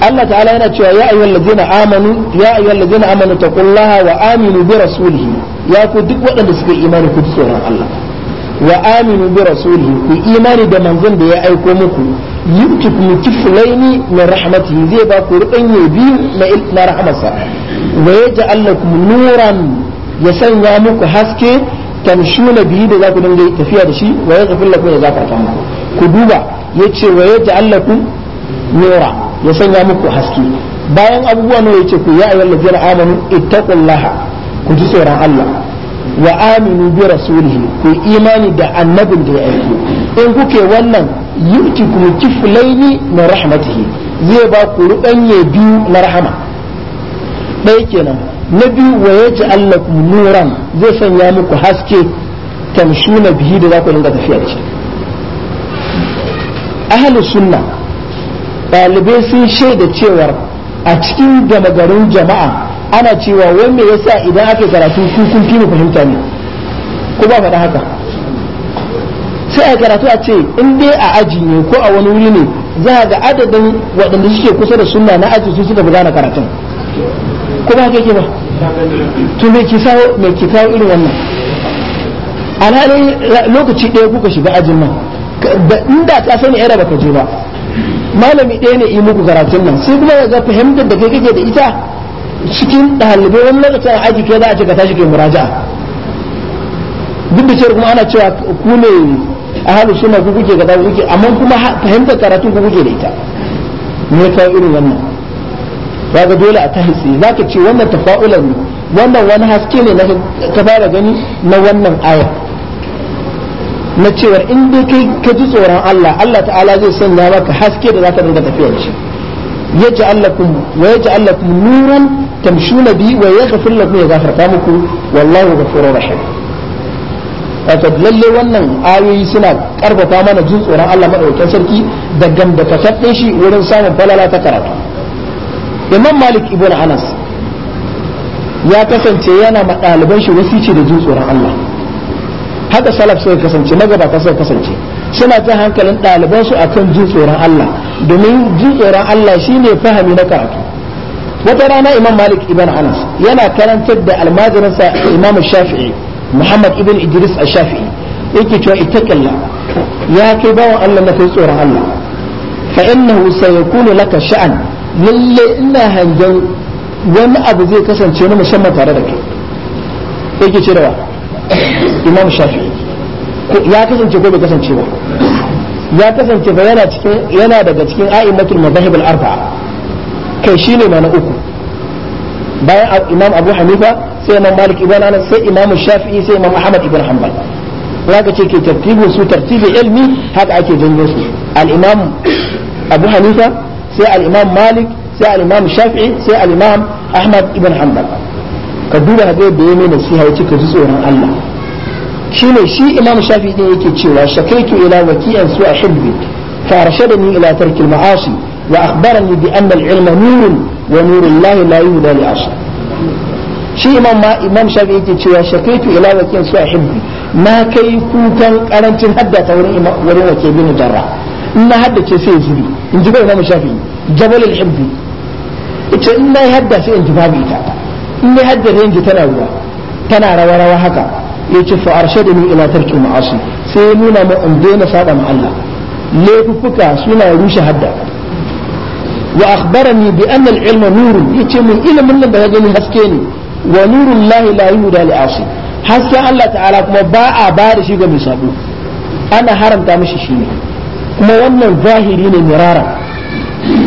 Allah ta'ala yana cewa ya ayyuhal ladina amanu ya ayyuhal wa aminu bi rasulihi ya ku duk waɗanda suka imani ku tsoron Allah wa aminu bi rasulihi ku imani da manzon da ya aiko muku yutikum kiflaini min rahmatihi zai ba ku rubanye biyu na na rahmatsa wa yaj'alukum nuran ya sanya muku haske tamshuna biyu da za ku dinga tafiya da shi wa yaghfir lakum ya zafarta muku ku duba yace wa yaj'alukum nura ya sanya muku haske bayan abubuwa ne yake ku ya ayyul ladina amanu ittaqullaha ku ji tsoron Allah wa aminu bi rasulihi ku imani da annabin da ya aiko in kuke wannan yu'tikum kiflaini na rahmatihi zai ba ku rubanye biyu na rahama ɗaya kenan na biyu wa yaji ku nuran zai sanya muku haske tamshuna bihi da za ku dinga tafiya da shi ahlus sunna ɗalibai sun shaida cewar a cikin gama garin jama'a ana cewa wai me yasa idan ake karatu su kun fi mu fahimta ne ko ba faɗa haka sai a karatu a ce in dai a aji ne ko a wani wuri ne za a ga adadin waɗanda suke kusa da sunna na aji su suka gudana karatun ko ba haka ke ba to me ki sawo me kawo irin wannan alhalin lokaci ɗaya kuka shiga ajin nan da inda ka sani yara baka je ba malami ɗaya ne yi muku karatun nan sai kuma ga fahimtar da kai kake da ita cikin ɗalibai wani lokacin a aji kai za a ce ka tashi ke muraja. duk da cewa kuma ana cewa ku ne a halin suna ku kuke kaza kuke amma kuma fahimtar karatun ku kuke da ita me kawo irin wannan za ga dole a ta tsaye za ka ce wannan tafa'ulan wannan wani haske ne na ka fara gani na wannan ayar na cewar in dai kai ka ji tsoron Allah Allah ta'ala zai sanya maka haske da zaka dinga tafiya da shi Allah kun wa Allah kun nuran tamshuna bi wa yaghfir lakum ya gafarta muku wallahu ghafurur rahim wato lalle wannan ayoyi suna karfafa mana jin tsoron Allah madaukakin sarki da ka gamdakatar shi wurin samun falala ta karatu imam malik ibn anas ya kasance yana ma ɗaliban shi ce da jin tsoron Allah haka salaf suka kasance magabata suka kasance suna ta hankalin ɗalibansu akan jin tsoron Allah domin jin tsoron Allah shine fahimi na karatu wata rana imam malik ibn anas yana karantar da almajirinsa imam shafi'i muhammad ibn idris a shafi'i yake cewa ittaqilla ya kai bawan Allah na kai tsoron Allah fa innahu sayakunu laka sha'an lalle ina hangen wani abu zai kasance na musamman tare da kai yake cewa imam shafi ya kasance ko kasance ba ya kasance ba yana cikin yana daga cikin a'immatul mazahib al-arba'a kai shine ma na uku bayan imam abu hanifa sai imam malik ibn anas sai imam shafi'i sai imam ahmad ibn hanbal zaka ce ke tartibin su tartibin ilmi haka ake janyo su al-imam abu hanifa sai al-imam malik sai al-imam shafi'i sai al-imam ahmad ibn hanbal ka duba ga yadda ya mai nasiha ya cika ji tsoron Allah ne shi imam shafi ne yake cewa shakaitu ila wakiyan su a shirbi ni ila tarkil ma'asi wa akhbarani bi anna al-ilma nurun wa lahi la yuhda li asr shi imam ma imam shafi yake cewa shakaitu ila wakiyan su a shirbi na kai kukan karancin hadda ta wurin wurin wake bin darra in na hadda ce sai zubi in ji ga imam shafi jabal al-hibbi ita ina na hadda sai in ji babu ita in ya haddar tana ruwa tana rawa rawa haka ya ce fa ni ila tarki ma'asi sai nuna mu in daina saba ma Allah laifuffuka suna rushe hadda wa akhbarani bi anna al-ilma nurun yace min ilimin nan da ya gani haske ne wa nurul lahi la da li asi hasken Allah ta'ala kuma ba a ba da shi ga mai sabo ana haramta mishi shi ne kuma wannan zahiri ne mirara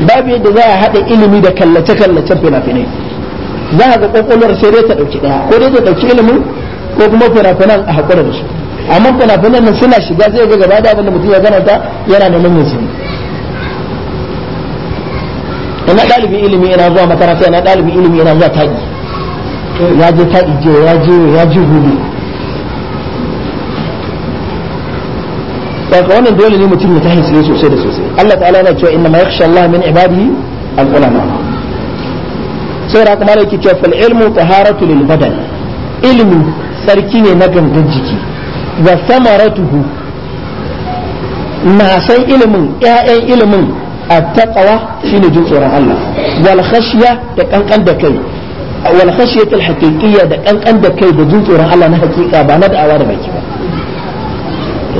babu yadda za a haɗa ilimi da kallace-kallacen fina-finai za ka ga kwakwalwar sai dai ta ɗauki ɗaya ko dai ta ɗauki ilimin ko kuma fina-finan a haƙura da su amma fina-finan nan suna shiga zai ga gaba da abinda mutum ya ta yana neman yanzu ina dalibi ilimi yana zuwa makaranta ina dalibi ilimi yana zuwa taɗi ya je taɗi je ya je ya ji hudu daga wannan dole ne mutum ya tahi sosai da sosai Allah ta'ala yana cewa inna ma yakhsha Allah min ibadihi al-ulama saboda kuma da yake cewa fal ilmu taharatu lil badan ilmi sarki ne na gangan jiki wa samaratuhu san ilimin ƴaƴan ilimin attaqwa shine jin tsoron Allah wal khashya da kankan da kai wal khashiyat al haqiqiyya da kankan da kai da jin tsoron Allah na hakika ba na da'awa da baki ba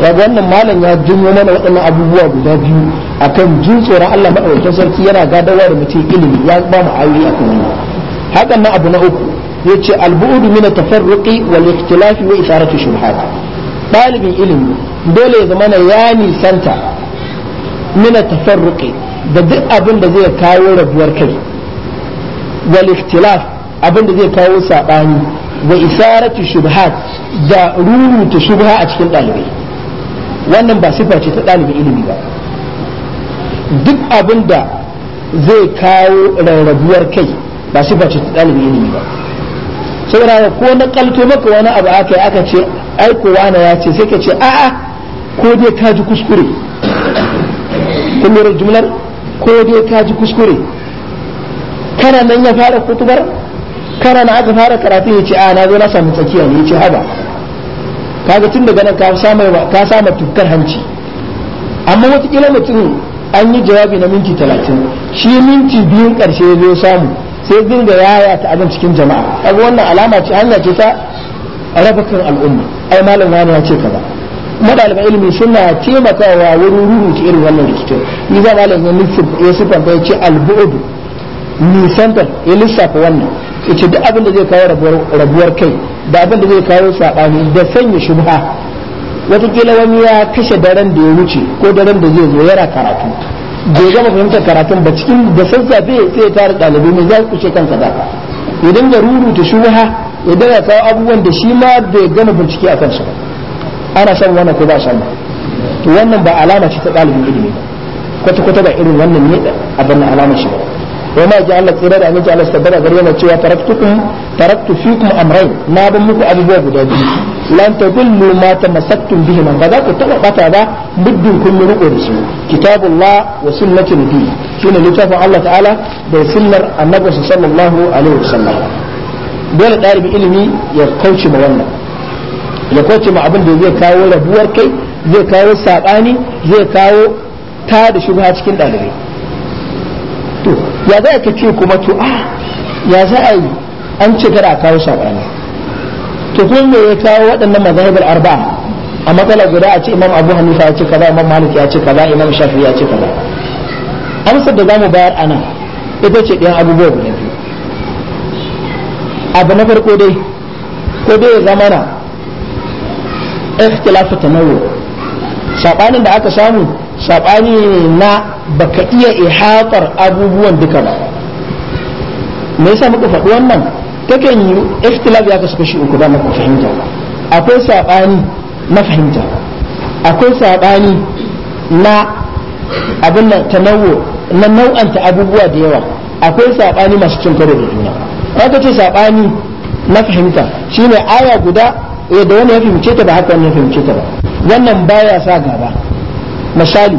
daga wannan malam ya jinyo mana waɗannan abubuwa guda biyu akan jin tsoron Allah madaukakin sarki yana gadarwa da mutum ilimi ya ba mu ayoyi a wannan hakan na abu na uku yace ce albuudu mina at-tafarruqi wal ikhtilafi wa isharatu shubhat dalibin ilimi dole ya zama ya nisanta mina at-tafarruqi da duk abin da zai kawo rabuwar kai wal ikhtilaf abin da zai kawo sabani wa isharatu shubhat da ruruta shubha a cikin dalibai wannan ba sifa ce ta dalibin ilimi ba duk abin da zai kawo rarrabuwar kai ba sifa ce ta ɗalibin ne ba saboda ko na kalto maka wani abu aka yi aka ce aikowa na ya ce sai ka ce a'a ko dai ka ji kuskure kun lura jumlar ko dai ka ji kuskure kana nan ya fara kutubar kana na aka fara karatu ya ce a na zo na samu tsakiya ne ya ce haba kaga tun daga nan ka sama ka tukkar hanci amma wataƙila mutum an yi jawabi na minti talatin shi minti biyun karshe ya zo samu sai dinga yaya ta abin cikin jama'a kaga wannan alama ce hanya ce ta raba kan al'umma ai malam wani ya ce kaza madaliban ilimi suna taimakawa wurin rubuta irin wannan rikicin ni za malam ya sifanta ya ce albu'udu nisantar ya lissafa wannan ya ce duk abin da zai kawo rabuwar kai da abin da zai kawo saɓani da sanya shubha watakila wani ya kashe daren da ya wuce ko daren da zai zo yana karatu ya gama fahimtar karatun ba cikin da sassafe sai ya tara ɗalibai mai za ku ce kansa ba ya dinga ruru ta shubha ya dinga kawo abubuwan da shi ma bai gama bincike a kansu ba ana shan wannan ko ba shan to wannan ba alama ce ta ɗalibin ilimi ba kwata-kwata ba irin wannan ne abin alama shi ba wa ma ji Allah tsira da aminci Allah sabbata gare yana cewa taraktukum taraktu fikum amrayn na ba muku abubuwa guda biyu lan tadullu ma tamassaktum bihi man ba za ku taba bata ba muddin kun riko da su kitabullah wa sunnati nabi shine littafin Allah ta'ala da sunnar annabi sallallahu alaihi wasallam dole ɗalibin ilimi ya kauce ma wannan ya kauce ma abin da zai kawo rabuwar kai zai kawo saɓani zai kawo ta da shubha cikin ɗalibai ya za ka ce kuma to a ah, ya za a yi an ce kada a kawo saɓani to kuma me ya kawo waɗannan mazhabar arba'a a matsala guda a ce imam abu hanifa ya ce kaza imam malik ya ce kaza imam shafi ya ce kaza amsar da zamu bayar ana ita ce ɗayan abubuwa guda biyu abu na farko dai ko dai ya zama na ikhtilafu tanawwu sabanin da aka samu saɓani ne na baka iya ihatar abubuwan duka ba me yasa muka faɗi wannan takan yi ikhtilaf ya kasu kashi uku ba muka fahimta akwai saɓani na fahimta akwai saɓani na abin nan tanawo na nau'anta abubuwa da yawa akwai saɓani masu cin karo da juna ka ce saɓani na fahimta shine aya guda da wani ya fahimce ta ba haka wani ya fahimce ta ba wannan baya sa gaba misali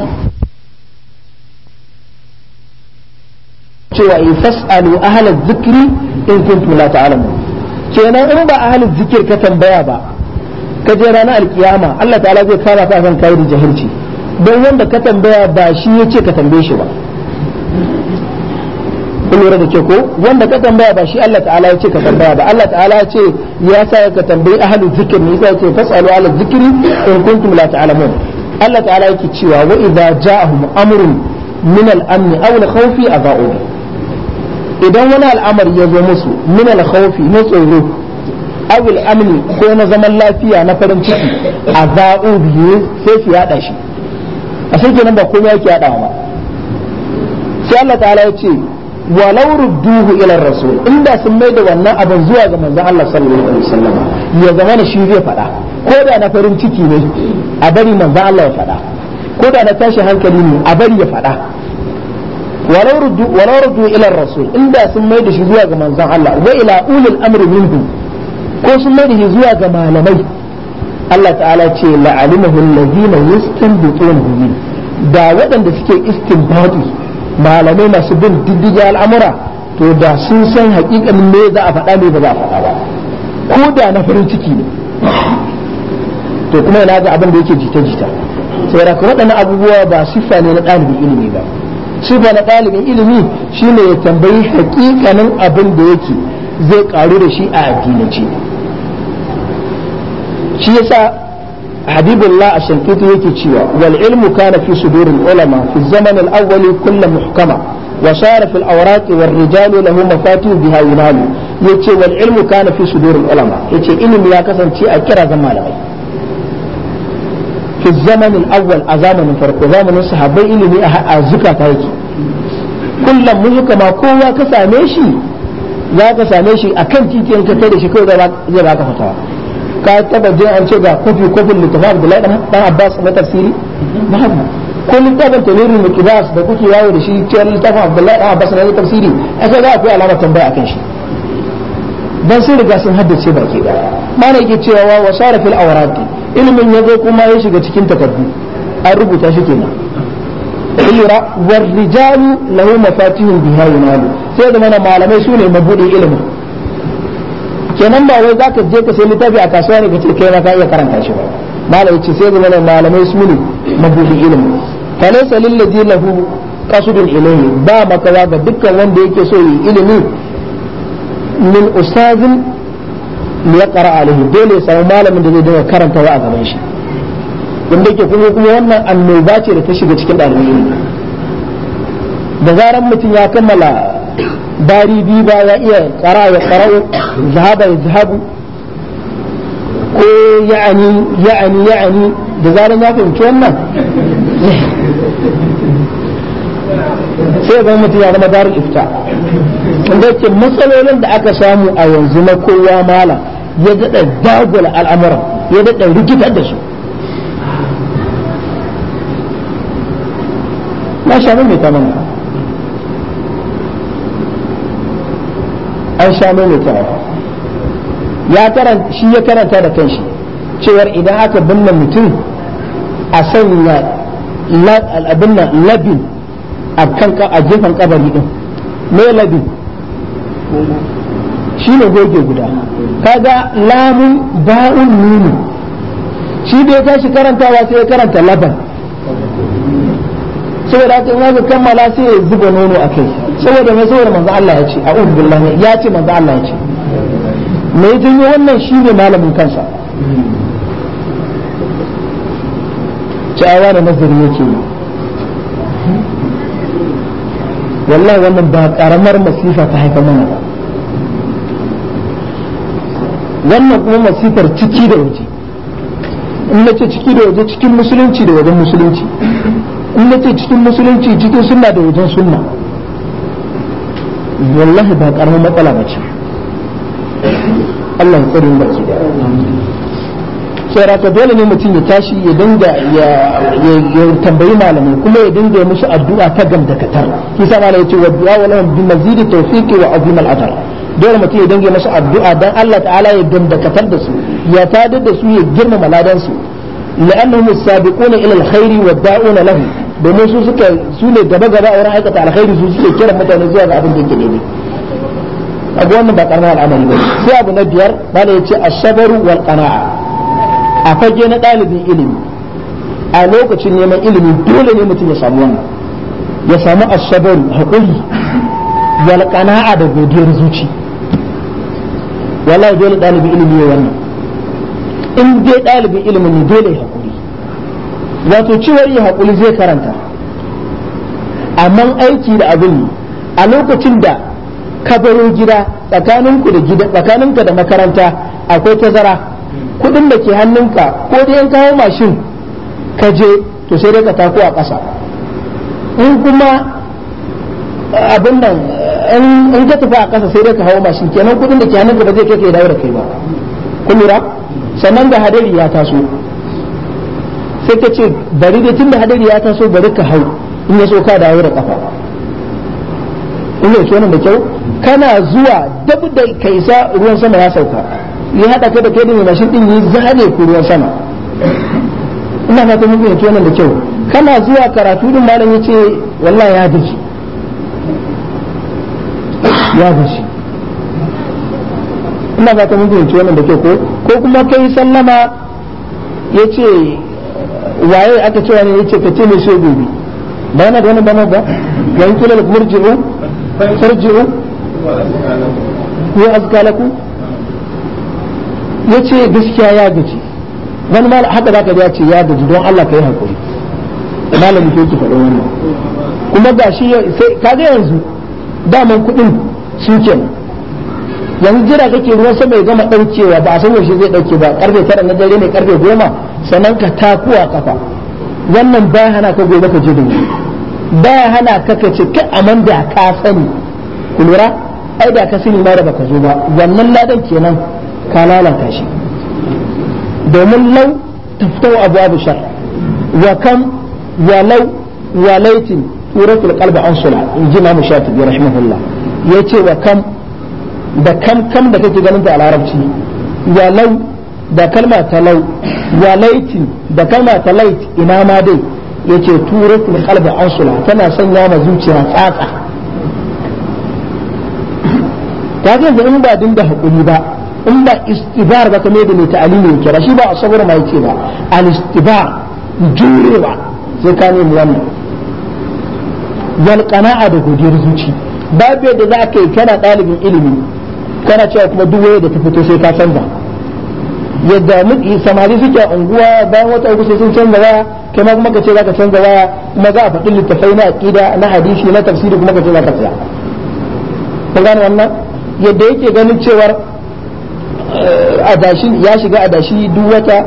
cewa in fas'alu ahlal zikri in kuntum la ta'lamun kenan in ba ahlal zikir ka tambaya ba ka je ranar alkiyama Allah ta'ala zai kama ka kan kai da jahilci don wanda ka tambaya ba shi yace ka tambaye shi ba kun lura da ke ko wanda ka tambaya ba shi Allah ta'ala ya ce ka tambaya ba Allah ta'ala ya ce ya sa ka tambayi ahlu zikr ne sai ya ce fasalu ala zikri in kuntum la ta'lamun Allah ta'ala yake cewa wa idza ja'ahum amrun min al-amn aw al-khawf adha'u idan wani al'amari ya zo musu min al na tsoro aw al-amn ko na zaman lafiya na farin ciki adha'u bihi sai su yada shi a sai kenan ba komai yake yadawa ba sai Allah ta'ala ya ce walau rudduhu ila rasul inda sun mai da wannan abin zuwa ga manzon Allah sallallahu alaihi wasallam ya zama na shi zai faɗa ko da na farin ciki ne a bari manzo Allah ya faɗa ko da na tashi hankali ne a bari ya faɗa walau ruddu walau ruddu ila rasul inda sun mai da shi zuwa ga manzon Allah wa ila ulil amri minhu ko sun mai da shi zuwa ga malamai Allah ta'ala ce la'alimahu allazina yastanbituna bihi da waɗanda suke istinbati malamai masu bin diddiga al'amura to da sun san hakikan me za a faɗa me ba za a faɗa ba ko da na farin ciki ne to kuma yana ga abin da yake jita-jita saboda da waɗannan abubuwa ba siffa ne na ɗalibin ilimi ba siffa na ɗalibin ilimi shine ya tambayi hakikanin abin da yake zai ƙaru da shi a addinance shi yasa habibullah ashankitu yake cewa wal ilmu kana fi sudurin ulama fi zaman al-awwali kullu muhkama wa sara fi al-awraq war rijal lahu mafatih biha yunalu yace wal ilmu kana fi sudurul ulama yace ilimi ya kasance a kira zan malamai fi zamanin awwal a zamanin farko zamanin sahabbai ilimi a zukata yake kullum mu zuka ma kowa ka same shi za ka same shi akan titiyan ka tare shi kawai zai baka fatawa ka taba je an ce ga kofi kofin littafin Abdullahi dan Abbas na tafsiri babu ko littafin tafsirin Mukibas da kuke yawo da shi cewa littafin Abdullahi dan Abbas na tafsiri aka za a fi alamar tambaya akan shi dan sun riga sun haddace baki ba mana yake cewa wa sara fil awraqi ilmin yazo kuma ya shiga cikin takardu an rubuta shi kenan lura war rijalu lahu mafatihu biha yunalu sai da mana malamai sune mabudin ilimin kenan ba wai zaka je ka sai littafi a kasuwa ne kace kai ma ka iya karanta shi ba mala yace sai da mana malamai sune mabudin ilimin falaysa lil ladhi lahu qasdun ilayhi ba makawa ga dukkan wanda yake so yi ilimi min ustazin ya qara alaihi dole ya samu malamin da zai dinga wa a gaban shi wanda yake kuma kuma wannan annoba ce da ta shiga cikin ɗalibai da zaran mutum ya kammala bari biyu ba ya iya qara ya qara'u zahaba ya zahabu ko ya'ani ya'ani ya'ani da zaran ya fahimci wannan sai ga mutum ya zama darul ifta wanda yake matsalolin da aka samu a yanzu na kowa mala ya daɗa dagula al'amura ya daɗa rikitar da su na sha mai ta mana an sha mai ta ya karanta shi ya karanta da kanshi cewar idan aka binne mutum a sanya labin a gefen kabari din me labin shi ne goge guda kaga lamun ba'un nunu shi da ya tashi karantawa sai ya karanta laban saboda haka in aka kammala sai ya zuba nono a kai saboda mai saboda manzo Allah ya ce a'udhu billahi ya ce manzo Allah ya ce mai janyo wannan shi ne malamin kansa cewa da nazari yake yi wallahi wannan ba karamar masifa ta haifa mana ba wannan kuma masifar ciki da waje in na ciki da waje cikin musulunci da wajen musulunci in na cikin musulunci cikin sunna da wajen sunna wallahi ba karamar matsala ba ce Allah ya tsare mu da sauraka dole ne mutum ya tashi ya dinga ya tambayi malamai kuma ya dinga musu addu'a ta gamdakatar kisa malai yace wa du'a wa lahum bi mazidi tawfiqi wa azim al ajr dole mutum ya dinga musu addu'a dan Allah ta'ala ya gamdakatar da su ya tadar da da su ya girmama ladan su la'annahum as-sabiquna ila al-khairi wa da'una lahu domin su suka su ne gaba gaba a wurin aikata alkhairi su suke kira mutane zuwa ga abin da yake daidai a gonan ba karamar al'amari ba sai abu na diyar bala ya ce asabaru wal qana'a a fage na ɗalibin ilimi a lokacin neman ilimi dole ne mutum ya samu wannan ya samu asabar haƙuri wal da godiyar zuci wallahi dole ɗalibin ilimi ya wannan in dai ɗalibin ilimi ne dole ya haƙuri wato cewar ya haƙuri zai karanta amma aiki da abin a lokacin da ka baro gida tsakaninku da gida tsakaninka da makaranta akwai tazara kudin da ke hannunka ko dai an kawo mashin ka je to sai dai ka tako a ƙasa in kuma eh, abin nan eh, in ka tafi a ƙasa sai dai ka hawo mashin kenan kudin da ke hannunka ba zai kai ka dawo da kai ba kun lura sannan ga hadari ya taso sai ka ce bari dai tunda hadari ya taso bari ka hau in ya so ka dawo da kafa in ya ce wannan da kyau kana zuwa dab da kaisa ruwan sama ya sauka ya haɗa kai da kai da mai mashin ɗin yi zane ku ruwan sama ina fata mun fahimci wannan da kyau kana zuwa karatu din malam yace wallahi ya gaji ya gaji ina fata mun fahimci wannan da kyau ko ko kuma kai sallama yace waye aka cewa ne yace ka ce mai so gobe ba yana da wani bana ba yan kula da murji'u farji'u ko azkalaku ya ce gaskiya ya gaji wani mal haka zaka ya ce ya gaji don Allah ka yi hakuri malamin ke ki faɗin wannan kuma ga shi sai ka ga yanzu daman kuɗin shi kenan yanzu jira kake ruwan sama ya gama ɗaukewa ba a san yaushe zai ɗauke ba karfe tara na dare ne karfe goma sannan ka takuwa kafa wannan baya hana ka gobe ka je da ni baya hana ka ka ce kai aman da ka sani ku lura ai da ka sani ma da ka zo ba wannan ladan kenan ka lalata shi domin lau taftau abu shar wa kam wa lau wa laitin turatul kalba an sula in ji mamu shatibi rahimahullah yace wa kam da kam kam da kake ganin ta a larabci wa lau da kalma ta lau wa laitin da kalma ta lait ina ma dai yace turatul kalba an sula tana sanya ma zuciya tsatsa ta ga in ba dinga hakuri ba in ba istibar ba kamar da mai ta'alimin kira shi ba a sabar ma yake ba al istibar jurewa sai ka nemi wannan wal qana'a da godiyar zuci babu yadda za ka yi kana ɗalibin ilimi kana cewa kuma duk waya da ta fito sai ka canza yadda muke samari suke unguwa bayan wata uku sai sun canza waya kai ma kuma ka ce ka canza waya kuma za a faɗi littafai na aqida na hadisi na tafsiri kuma ka ce zaka tsaya kun gane wannan yadda yake ganin cewar adashin ya shiga adashi duk wata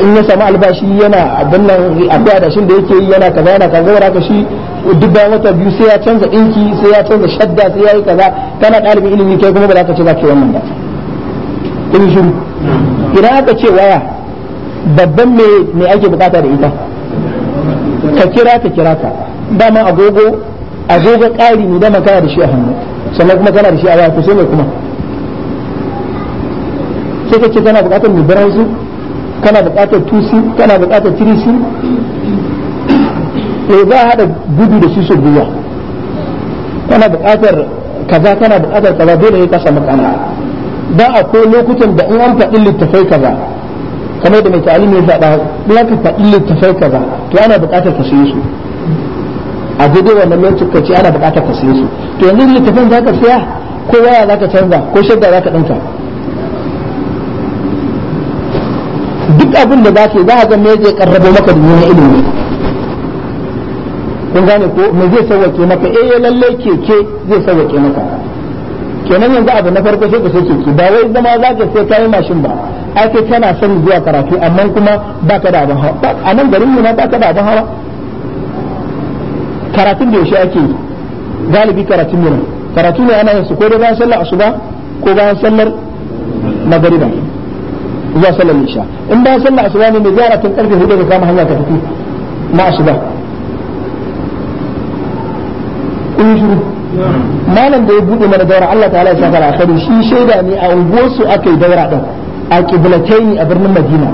in ya samu albashi yana abinnan akwai adashin da yake yi yana kaza yana kaza wara aka shi duk bayan wata biyu sai ya canza dinki sai ya canza shadda sai ya yi kaza kana ɗalibin ilimi kai kuma ba za ka ce za ka wannan ba In shi idan aka ce waya babban me me ake bukata da ita ka kira ka kira ka dama agogo agogo ƙari ne dama kana da shi a hannu sannan kuma kana da shi a waya ko sai mai kuma sai kace kana buƙatar su kana buƙatar tusi kana buƙatar tirisi to eh, za a hada gudu da su su guwa kana buƙatar kaza kana buƙatar kaza dole ne ka samu kana dan akwai lokutan da in an faɗi littafai kaza kamar da mai ta'alimi ya faɗa in aka faɗi littafai kaza to ana buƙatar ka sayi su a gudu wannan lokacin ka ana buƙatar ka sayi su to yanzu littafin za ka saya ko waya za ka canza ko shadda za ka ɗinka duk abin da za ka yi za ka zama zai karrabo maka da duniya ilimi kun gane ko me zai sauwake maka eh lalle keke zai sauwake maka kenan yanzu abu na farko sai ka sai keke ba wai zama za ka sai kayan mashin ba ai kai kana son zuwa karatu amma kuma ba ka da abin hawa a nan garin mu na ba ka da abin hawa karatun da yaushe ake galibi karatun mu karatu ne ana yin su ko da bayan sallar asuba ko bayan sallar magariba zuwa sallar isha in bayan sallar asuba ne mai ziyara tun karfe hudu da kama hanya ta tafi na asuba kun shiru malam da ya bude mana daura Allah ta'ala ya saka alkhairi shi shaida ne a unguwarsu aka yi daura din a kiblatai a birnin Madina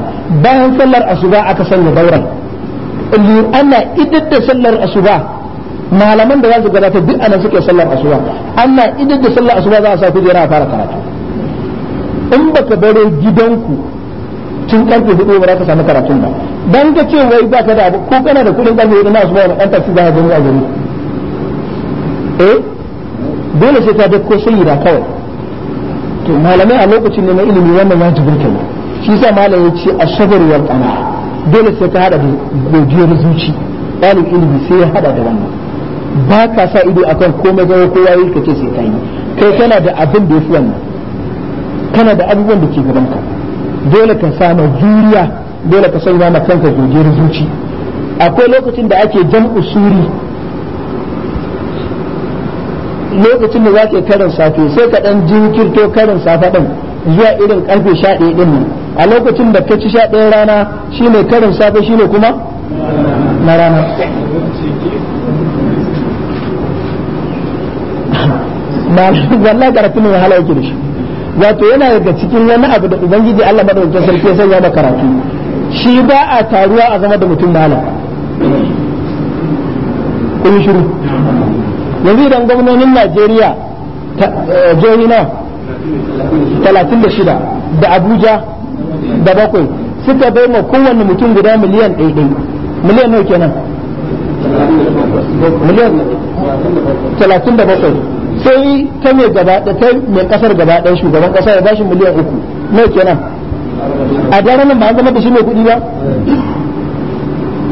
bayan sallar asuba aka sanya dauran ana idar da sallar asuba malaman da za su gabatar duk anan suke sallar asuba ana idar da sallar asuba za a sa kujera a fara karatu in ba ka bare gidanku tun karfe hudu ba za ka samu karatun ba dan ka ce wai ba ka da abu ko kana da kudin karfe hudu na su ba wani ɗan tafi za ka gani a gari eh dole sai ta yi sayyida kawai to malamai a lokacin ne na ilimi wannan ya jibirka ne shi sa malamai ya ce a shagar wal dole sai ka hada da godiyar zuci ɗalib ilimi sai ya hada da wannan ba ka sa ido akan komai gawa kowa yi ka ce sai ka yi kai kana da abin da ya fi wannan kana da abubuwan da ke gabanka dole ka sami juriya dole ka sanya ma kanka gojiyar zuci akwai lokacin da ake jam'u suri lokacin da zaka karin safe sai ka dan jinkirto karin safe din zuwa irin karfe 11 din nan a lokacin da ka ci 11 rana shine karin safe shine kuma na rana na wallahi karatu ne wahala yake da shi wato yana daga cikin wani abu da ubangiji Allah madaukakin sarki ya sanya da karatu shi ba a taruwa a zama da mutum malam kun shiru yanzu idan gwamnonin Najeriya eh, jihohi na 36 da Abuja da bakwai suka bai ma kowanne mutum guda miliyan ɗaiɗai miliyan nawa kenan miliyan 37 sai ta mai gaba da ta mai kasar gaba ɗaya shugaban kasa ya bashi miliyan uku mai kenan a daren nan ba an zama da shi mai kuɗi ba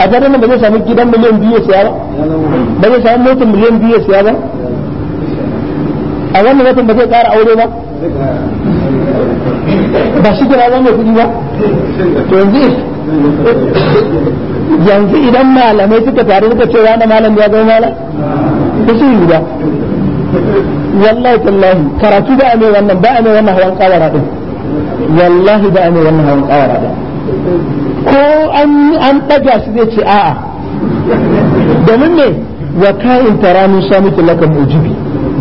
a daren nan ba zai sami gidan miliyan biyu ya siya ba ba zai sami motar miliyan biyu ya siya ba a wannan watan ba zai ƙara aure ba ba shi kira zama mai kuɗi ba to yanzu yanzu idan malamai suka taru suka ce wani malam ya zama malam ba shi yi ba wallahi tallahi karatu ba ne wannan ba ne wannan hawan kawara din wallahi ba ne wannan hawan kawara din ko an an daga su zai ce a'a domin ne wa kayin tarani samitu lakam ujibi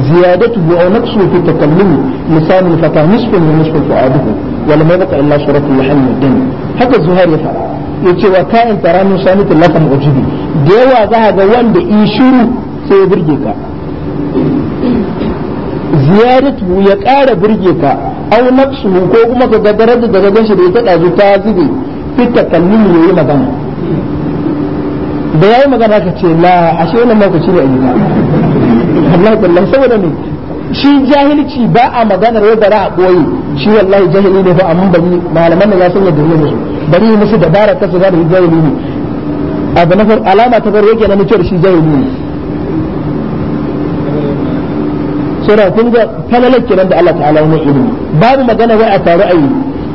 زيادته أو نقصه في تكلمه لسان الفتى نصف ونصف فؤاده ولم يبقى إلا صورة اللحم والدم haka zuhair ya fara ya ce wa kayan taranu sani tallafan ujubi da yawa za ga wanda in shiru sai ya burge ka ziyaratu ya ƙara burge ka au nafsu ko kuma ka ga da daga ganshi da ya tada zu ta zube fi takallum yayi magana da yayi magana ka ce la ashe wannan lokaci ne a yi Allah wallahi saboda ne shi jahilci ba a maganar yadda za a ɓoye shi wallahi jahili ne fa amma ni malaman nan ya san yadda yake musu bari musu dabara ta su da jahili ne abu na alama ta yake na mutuwar shi jahili ne saboda kun ga falalar kiran da Allah ta'ala wani ilimi babu magana wai a taru ayi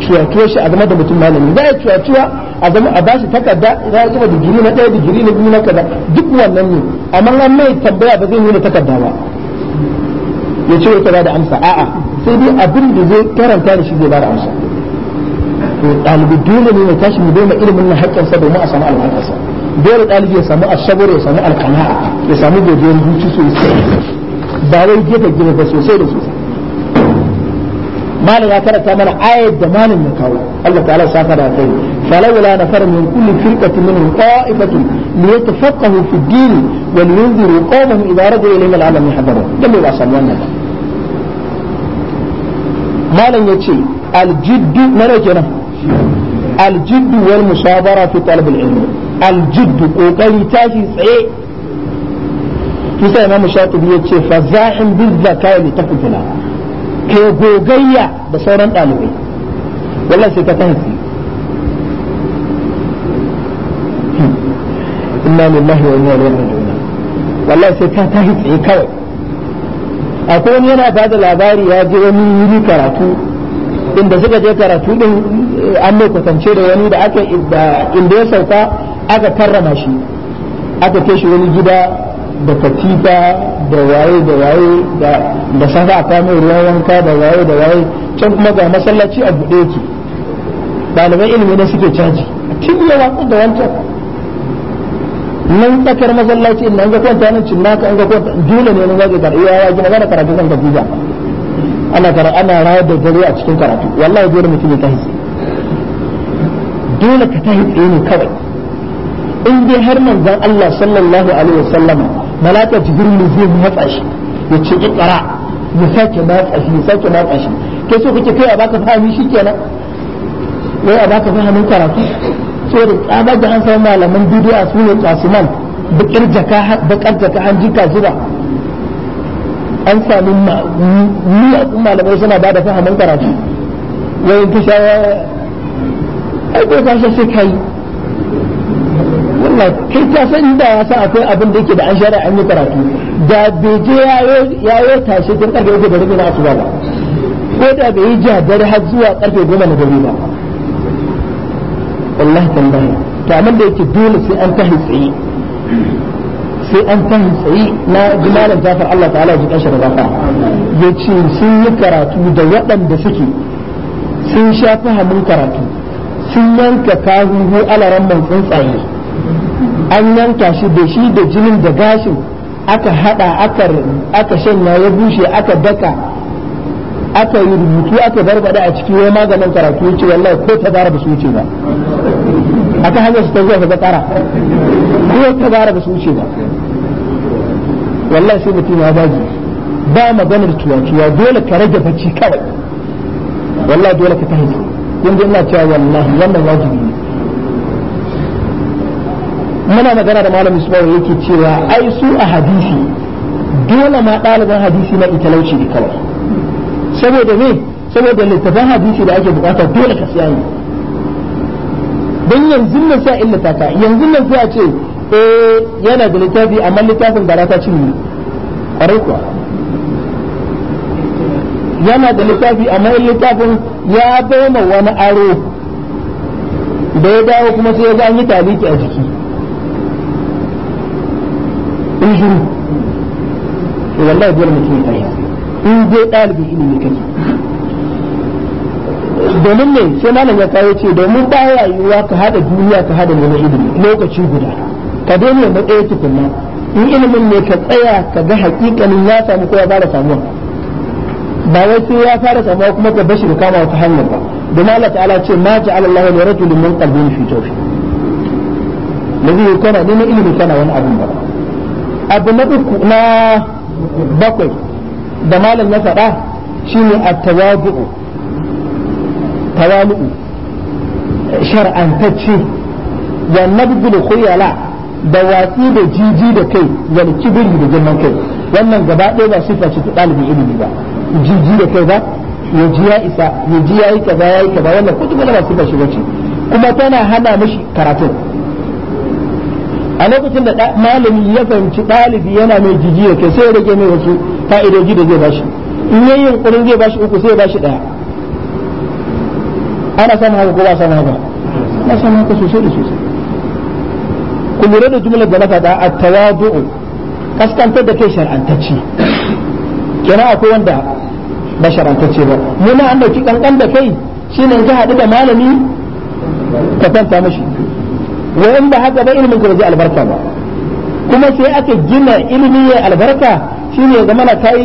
cuwacuwa shi a zama da mutum malami za a cuwacuwa a zama a bashi takarda za a zama digiri na ɗaya digiri na biyu na kaza duk wannan ne amma an mai tambaya ba zai nuna takarda ba ya ce wata da amsa a'a sai dai abin da zai karanta da shi zai bada amsa to ɗalibi dole ne tashi mu ilimin na haƙƙinsa domin a samu albarkarsa dole ɗalibi ya samu asabar ya samu alkana'a ya samu godiyar zuci sosai ba wai gefe gefe ba sosai da sosai malam ya karanta mana ayat da malam ya kawo Allah ta'ala saka da kai falawla nafar min kulli firqatin minhum qa'ifatun liyatafaqahu fi din wa liyunziru qawmahum idha raja'u ilayhim al'alam yahdharun dan ba san wannan ba malam yace al-jidd mara kenan al-jidd wal musabara fi talab al-ilm al-jidd kokari tashi tsaye yasa mu shatibi ya ce fa za'in bil zakai ta tafkina ke gogayya da sauran dalibai wallahi sai ka fahimci hmm. inna lillahi wa inna ilaihi raji'un wallahi sai ka tahi kawai akwai wani yana bada labari ya je wani yuri karatu inda suka je karatu din eh, an mai kwatance da wani da aka inda ya sauka aka karrama shi aka kai shi wani gida da katifa da waye da waye da safa a kamo ruwan wanka da waye da waye can kuma ga masallaci a buɗe ki ɗaliban ilimi ne suke caji tun ya watsar da wancan nan tsakar masallaci in ga kwanta nan cin naka an ga kwanta dole ne nan zaka karɓi ya gina zaka karatu kan katifa ana kara ana rayar da dare a cikin karatu wallahi dole mutum ya tahi dole ka tahi tsaye ne kawai in dai har manzon Allah sallallahu alaihi wasallam malaka jibril zai matsa shi ya ce ikra ya sake matsa shi ya sake matsa shi kai so kake kai a baka fahimi shikenan wai a baka fahimin karatu saboda tsabar da an samu malaman bidiyo su ne kasuman bakar jaka bakar jaka an jika zuba an sami miyagun malamai suna ba da fahimin karatu wai ta sha ai ko ka sai kai Allah kai ka san da ya sa akwai abin da yake da an share an yi karatu da bai je ya yi tashi tun karfe yake da rufe na asuba ba ko da bai yi jadar har zuwa karfe goma na dare ba wallahi tambaye to amma da yake dole sai an tahi tsaye sai an tahi tsaye na jimalin jafar Allah ta'ala ji kanshi da gafa yace sun yi karatu da waɗanda suke sun sha fahimin karatu sun yanka kahuhu alaran man tsuntsaye an yanka shi da shi da jinin da gashin aka hada aka shanya ya bushe aka daka aka yi rubutu aka barbada a cikin wani maganin karatu ce wallahi ko ta gara ba su wuce ba aka hanyar su ta zuwa ga kara ko ta gara ba su wuce ba wallahi sai mutum ya zagi ba maganar tuwa dole ka rage bacci kawai wallahi dole ka tahi yanzu ina cewa wallahi wannan wajibi muna magana da malam Ismail yake cewa ai su a hadisi dole ma ɗaliban hadisi na italauci ne kawai saboda me saboda littafin hadisi da ake bukata dole ka siya ne don yanzu nan sa in littafa yanzu nan sai a ce eh yana da littafi amma littafin da ta cinye kwarai kuwa yana da littafi amma in littafin ya bai wani aro da ya dawo kuma sai ya ga an yi taliki a jiki yi shiru to wallahi dole mutum ya karya in dai ɗalibin ilimi kake domin ne sai malam ya kawo ce domin ba ya yiwuwa ka hada duniya ka haɗa neman ilimi lokaci guda ka daina matsayi tukunna in ilimin ne ka tsaya ka ga hakikanin ya samu ko ya fara samuwa ba wai sai ya fara samuwa kuma ka bashi da kama wata hanyar ba domin Allah ta'ala ce ma ja'ala Allahu li rajulin min qalbin fi tawfiq nabi kana neman ilimi kana wani abin ba abu na uku na bakwai da malam ya faɗa shine at-tawadu'u tawalu'u shar'antacce wa nabdul khuyala da watsi da jiji da kai wal kibiri da girman kai wannan gaba ɗaya ba sifa ce ta ɗalibin ilimi ba jiji da kai ba ya ji ya isa ya ji ya yi kaza ya yi kaza wannan kutubu ba sifa shi bace kuma tana hana mishi karatu a lokacin da malami ya fahimci ɗalibi yana mai jijiya ke sai ya rage mai wasu fa'idoji da zai bashi in yayi yunkurin zai bashi uku sai ya bashi ɗaya ana samun haka ko ba samun haka ba samun haka sosai da sosai ku lura da jumlar da na faɗa a tawadu'u kaskantar da kai shar'antacce kenan akwai wanda ba shar'antacce ba muna an dauki kankan da kai shine in ka haɗu da malami ka fanta mashi wa in ba haka ba ilimin ka ba zai albarka ba kuma sai aka gina ilimi ya albarka shine ya zamana kai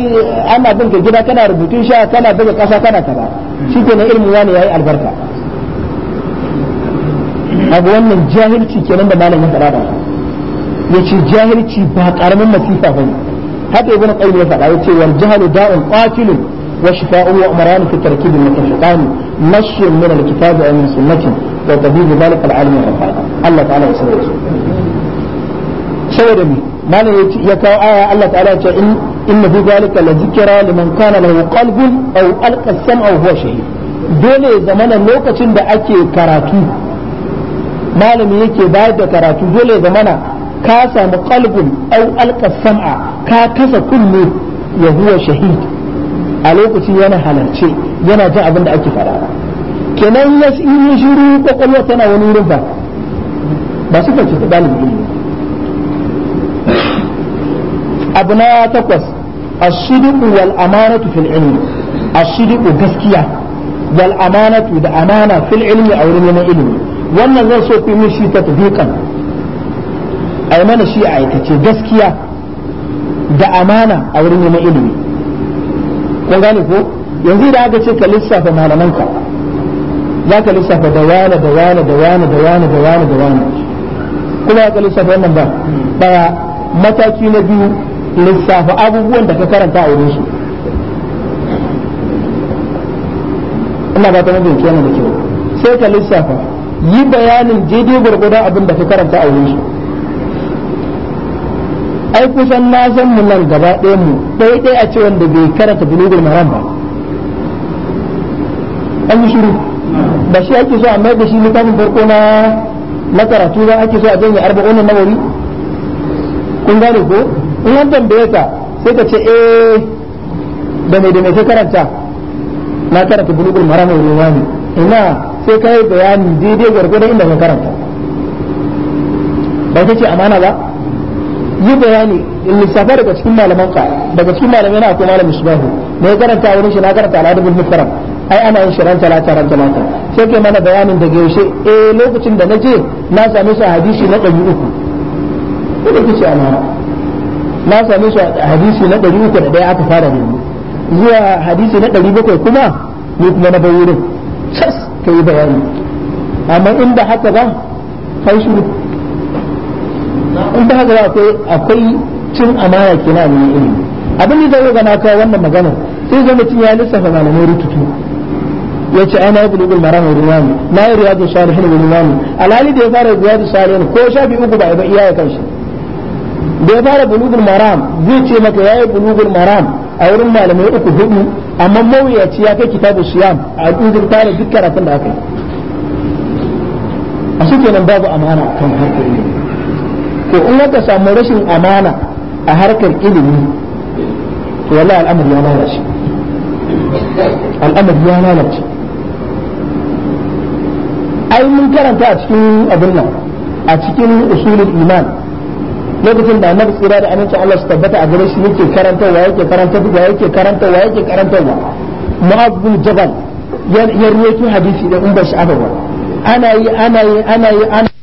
ana bin ka gida kana rubutun sha kana buga kasa kana kaza shikenan ilimin wani yayi albarka abu wannan jahilci kenan da malam ya faɗa da yace jahilci ba karamin masifa bane haka ibn qayyim ya faɗa yace wal jahlu da'un qatilun wa shifa'uhu amran fi tarkib al-mutashaqqan nash min al-kitab wa min sunnati wa tabibu dhalika al-alim al-rafi' Allah ta'ala ya sanar su saboda mu. malam ya kawo aya Allah ta'ala ya ce in inna fi zalika la zikra liman kana lahu qalbun aw alqa sam'a huwa shahid dole zamana lokacin da ake karatu malami yake bayar da karatu dole zamana ka samu qalbun aw alqa sam'a ka kasa kunne ya huwa shahid a lokacin yana halarce yana jin abin da ake fara kenan ya shiru kwakwalwa tana wani wurin ba su fahimci ɗalibin ilimi abu na takwas ashidiku wal amanatu fil ilmi ashidiku gaskiya wal amanatu da amana fil ilmi a wurin neman ilimi wannan zai so ku yi shi ta tafiƙan a mana shi a aikace gaskiya da amana a wurin neman ilimi kun gane ko yanzu da aka ce ka lissafa malamanka za ka lissafa da da da da da kuma ya lissafi wannan ba daya mataki na biyu lissafa abubuwan da ka karanta a wurin su ina ba ta ke yana da kyau sai ka lissafa yi bayanin jidi gwargwadon abin da ka karanta a wurin su ai kusan na san mu nan gaba ɗaya mu ɗaya a ce wanda bai karanta bulugul maram ba an yi shiru ba shi ake so a mai da shi mutanen farko na makaratu ba ake so a janye arba'un nawawi kun gane ko in an tambaye ka sai ka ce eh da mai da mai karanta na karanta bulugul maram wa rumani ina sai ka yi bayani daidai gwargwado inda ka karanta ba kace amana ba yi bayani in lissafa daga cikin malaman ka daga cikin malamai na akwai malamin subahu ne karanta wani shi na karanta al'adabul mukarram ai ana yin shirin talata ran talata sai kai mana bayanin daga yaushe eh lokacin da naje na same shi a hadisi na ɗari uku ko da kace ana na same shi a hadisi na ɗari uku da ɗaya aka fara da zuwa hadisi na ɗari bakwai kuma ni kuma na bayyana cas kai bayani amma inda haka ba kai shiru inda haka haka akwai akwai cin amana kina ne ilimi abin da zai ga na kawo wannan magana sai zama cin ya lissafa malamai rututu yace ana yablu ibn maram wa rimani ma riyadu salihin bil rimani alali da ya fara riyadu salihin ko shafi uku ba ba iya kanshi da ya fara bulugul maram zai ce maka yayi bulugul maram a wurin malamai uku hudu amma mawuyaci ya kai kitabu siyam a al'udur tare duk karatun da aka yi a su kenan babu amana a kan harkar ilimi to in aka samu rashin amana a harkar ilimi to wallahi al'amari ya lalace al'amari ya lalace ai mun karanta a cikin abin nan a cikin usulul iman lokacin da annabi tsira da amincin Allah su tabbata a gare shi yake karantarwa yake karantarwa yake karantarwa yake karantarwa mu'adh bin jabal ya riwayo hadisi da in ba shi aka ana yi ana yi ana yi ana